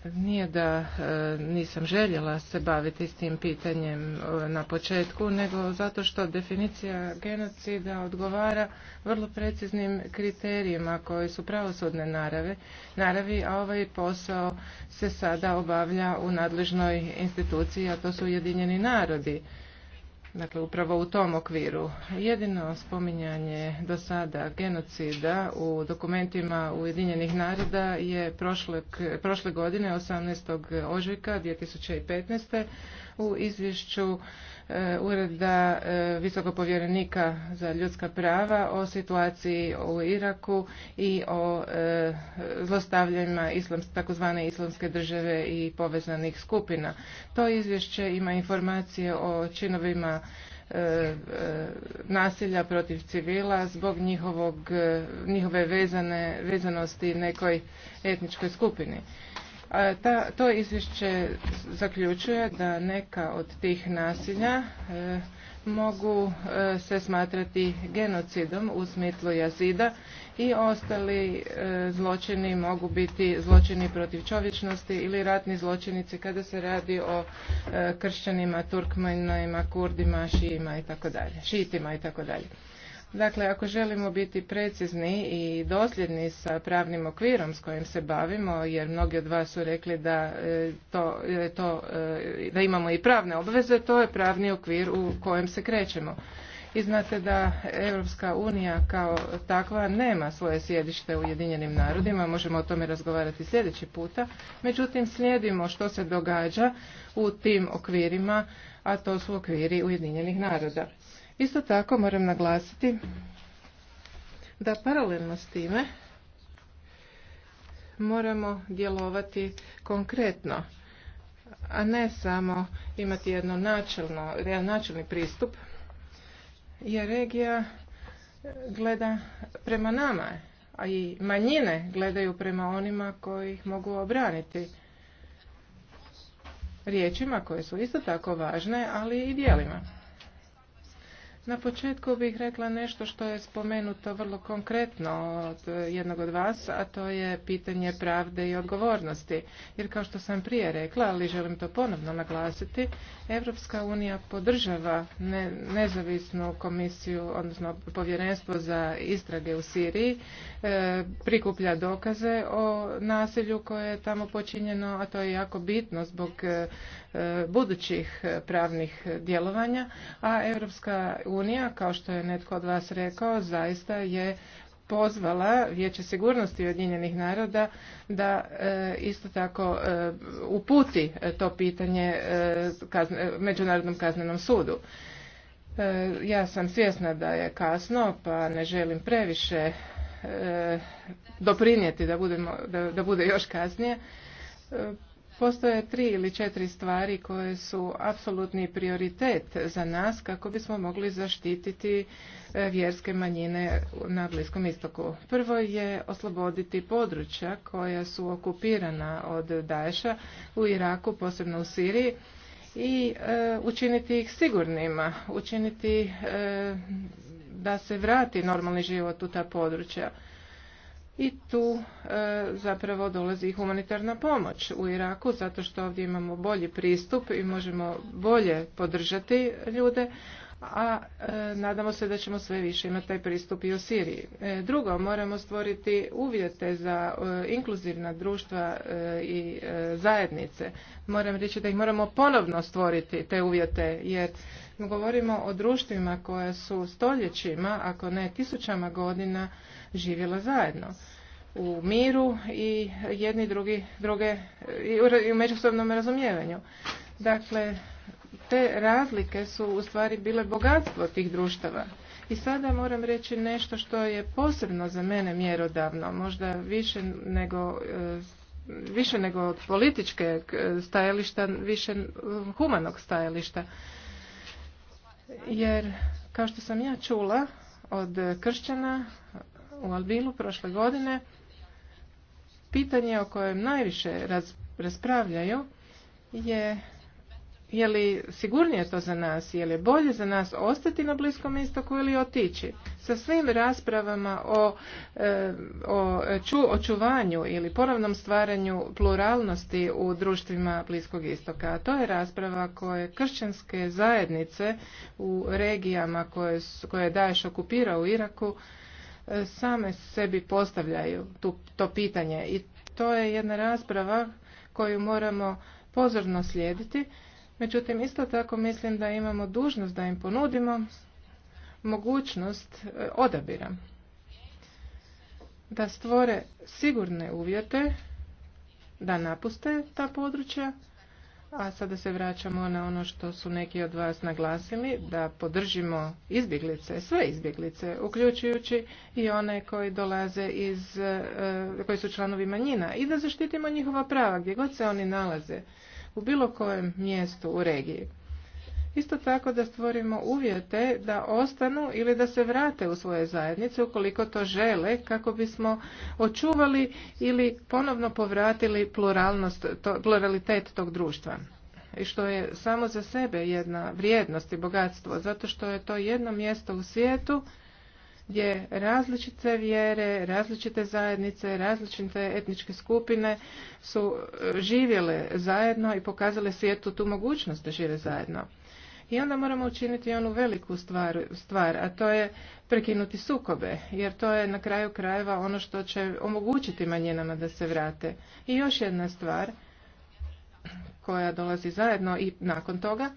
nije da e, nisam željela se baviti s tim pitanjem e, na početku, nego zato što definicija genocida odgovara vrlo preciznim kriterijima koji su pravosudne naravi, a ovaj posao se sada obavlja u nadležnoj instituciji, a to su Ujedinjeni narodi Dakle, upravo u tom okviru. Jedino spominjanje do sada genocida u dokumentima Ujedinjenih naroda je prošle, godine, 18. ožujka 2015. U izvješću e, Ureda e, visokog povjerenika za ljudska prava o situaciji u Iraku i o e, zlostavljanjima takozvane islamske države i povezanih skupina. To izvješće ima informacije o činovima nasilja protiv civila zbog njihove vezanosti nekoj etničkoj skupini to izvješće zaključuje da neka od tih nasilja e, mogu e, se smatrati genocidom u smitlu jazida i ostali e, zločini mogu biti zločini protiv čovječnosti ili ratni zločinici kada se radi o kršćanima, turkmanima, kurdima, šijima i tako šitima i tako dalje. Dakle, ako želimo biti precizni i dosljedni sa pravnim okvirom s kojim se bavimo, jer mnogi od vas su rekli da, e, to, to, e, da imamo i pravne obveze, to je pravni okvir u kojem se krećemo. I znate da Europska unija kao takva nema svoje sjedište u Ujedinjenim narodima, možemo o tome razgovarati sljedeći puta. Međutim, slijedimo što se događa u tim okvirima, a to su okviri Ujedinjenih naroda. Isto tako moram naglasiti da paralelno s time moramo djelovati konkretno, a ne samo imati jedno načelno, jedan načelni pristup, jer regija gleda prema nama, a i manjine gledaju prema onima koji ih mogu obraniti riječima koje su isto tako važne, ali i dijelima. Na početku bih rekla nešto što je spomenuto vrlo konkretno od jednog od vas, a to je pitanje pravde i odgovornosti. Jer kao što sam prije rekla, ali želim to ponovno naglasiti, Evropska unija podržava nezavisnu komisiju, odnosno povjerenstvo za istrage u Siriji, e, prikuplja dokaze o nasilju koje je tamo počinjeno, a to je jako bitno zbog e, E, budućih pravnih djelovanja, a Europska unija, kao što je netko od vas rekao, zaista je pozvala Vijeće sigurnosti Ujedinjenih naroda da e, isto tako e, uputi to pitanje Međunarodnom kaznenom sudu. Ja sam svjesna da je kasno, pa ne želim previše doprinijeti da, budemo, da bude još kasnije Postoje tri ili četiri stvari koje su apsolutni prioritet za nas kako bismo mogli zaštititi e, vjerske manjine na Bliskom istoku. Prvo je osloboditi područja koja su okupirana od Daesha u Iraku, posebno u Siriji i e, učiniti ih sigurnima, učiniti e, da se vrati normalni život u ta područja i tu e, zapravo dolazi humanitarna pomoć u Iraku zato što ovdje imamo bolji pristup i možemo bolje podržati ljude a e, nadamo se da ćemo sve više imati taj pristup i u Siriji. E, drugo, moramo stvoriti uvjete za inkluzivna društva i zajednice. Moram reći da ih moramo ponovno stvoriti te uvjete jer govorimo o društvima koja su stoljećima, ako ne tisućama godina živjela zajedno u miru i jedni drugi druge i u međusobnom razumijevanju. Dakle, te razlike su u stvari bile bogatstvo tih društava. I sada moram reći nešto što je posebno za mene mjerodavno, možda više nego e, više nego od političke e, stajališta, više e, humanog stajališta. Jer, kao što sam ja čula od kršćana, u Albilu prošle godine, pitanje o kojem najviše raspravljaju je je li sigurnije to za nas, je li bolje za nas ostati na Bliskom istoku ili otići? Sa svim raspravama o, e, o očuvanju ili ponovnom stvaranju pluralnosti u društvima Bliskog istoka. A to je rasprava koje kršćanske zajednice u regijama koje, koje okupira u Iraku same sebi postavljaju tu, to pitanje i to je jedna rasprava koju moramo pozorno slijediti. Međutim, isto tako mislim da imamo dužnost da im ponudimo mogućnost e, odabira. Da stvore sigurne uvjete da napuste ta područja a sada se vraćamo na ono što su neki od vas naglasili, da podržimo izbjeglice, sve izbjeglice, uključujući i one koji dolaze iz, eh, koji su članovi manjina i da zaštitimo njihova prava gdje god se oni nalaze, u bilo kojem mjestu u regiji. Isto tako da stvorimo uvjete da ostanu ili da se vrate u svoje zajednice ukoliko to žele kako bismo očuvali ili ponovno povratili pluralnost, to, pluralitet tog društva i što je samo za sebe jedna vrijednost i bogatstvo, zato što je to jedno mjesto u svijetu gdje različite vjere, različite zajednice, različite etničke skupine su e, živjele zajedno i pokazale svijetu tu mogućnost da žive zajedno. I onda moramo učiniti onu veliku stvar, stvar, a to je prekinuti sukobe, jer to je na kraju krajeva ono što će omogućiti manjinama da se vrate. I još jedna stvar koja dolazi zajedno i nakon toga,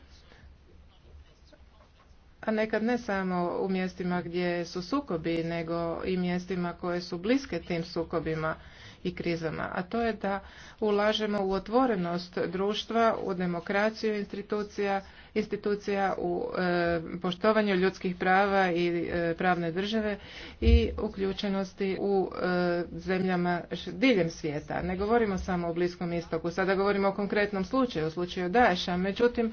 a nekad ne samo u mjestima gdje su sukobi, nego i mjestima koje su bliske tim sukobima i krizama, a to je da ulažemo u otvorenost društva, u demokraciju institucija institucija u e, poštovanju ljudskih prava i e, pravne države i uključenosti u e, zemljama diljem svijeta. Ne govorimo samo o Bliskom istoku, sada govorimo o konkretnom slučaju, o slučaju Daesha, međutim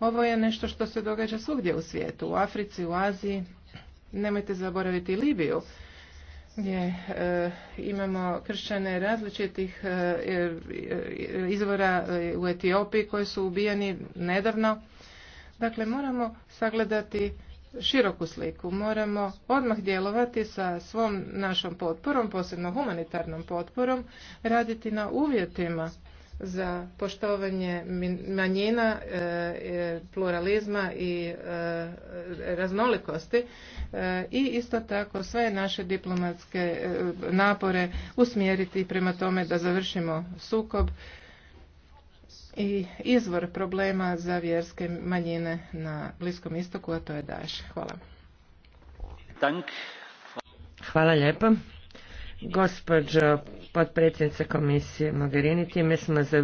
ovo je nešto što se događa svugdje u svijetu, u Africi, u Aziji, nemojte zaboraviti Libiju gdje imamo kršćane različitih izvora u Etiopiji koji su ubijeni nedavno Dakle, moramo sagledati široku sliku. Moramo odmah djelovati sa svom našom potporom, posebno humanitarnom potporom, raditi na uvjetima za poštovanje manjina, e, e, pluralizma i e, raznolikosti i isto tako sve naše diplomatske napore usmjeriti prema tome da završimo sukob i izvor problema za vjerske manjine na Bliskom istoku, a to je Daesh. Hvala. Hvala lijepo. Gospođo potpredsjednice komisije Mogherini, time smo završili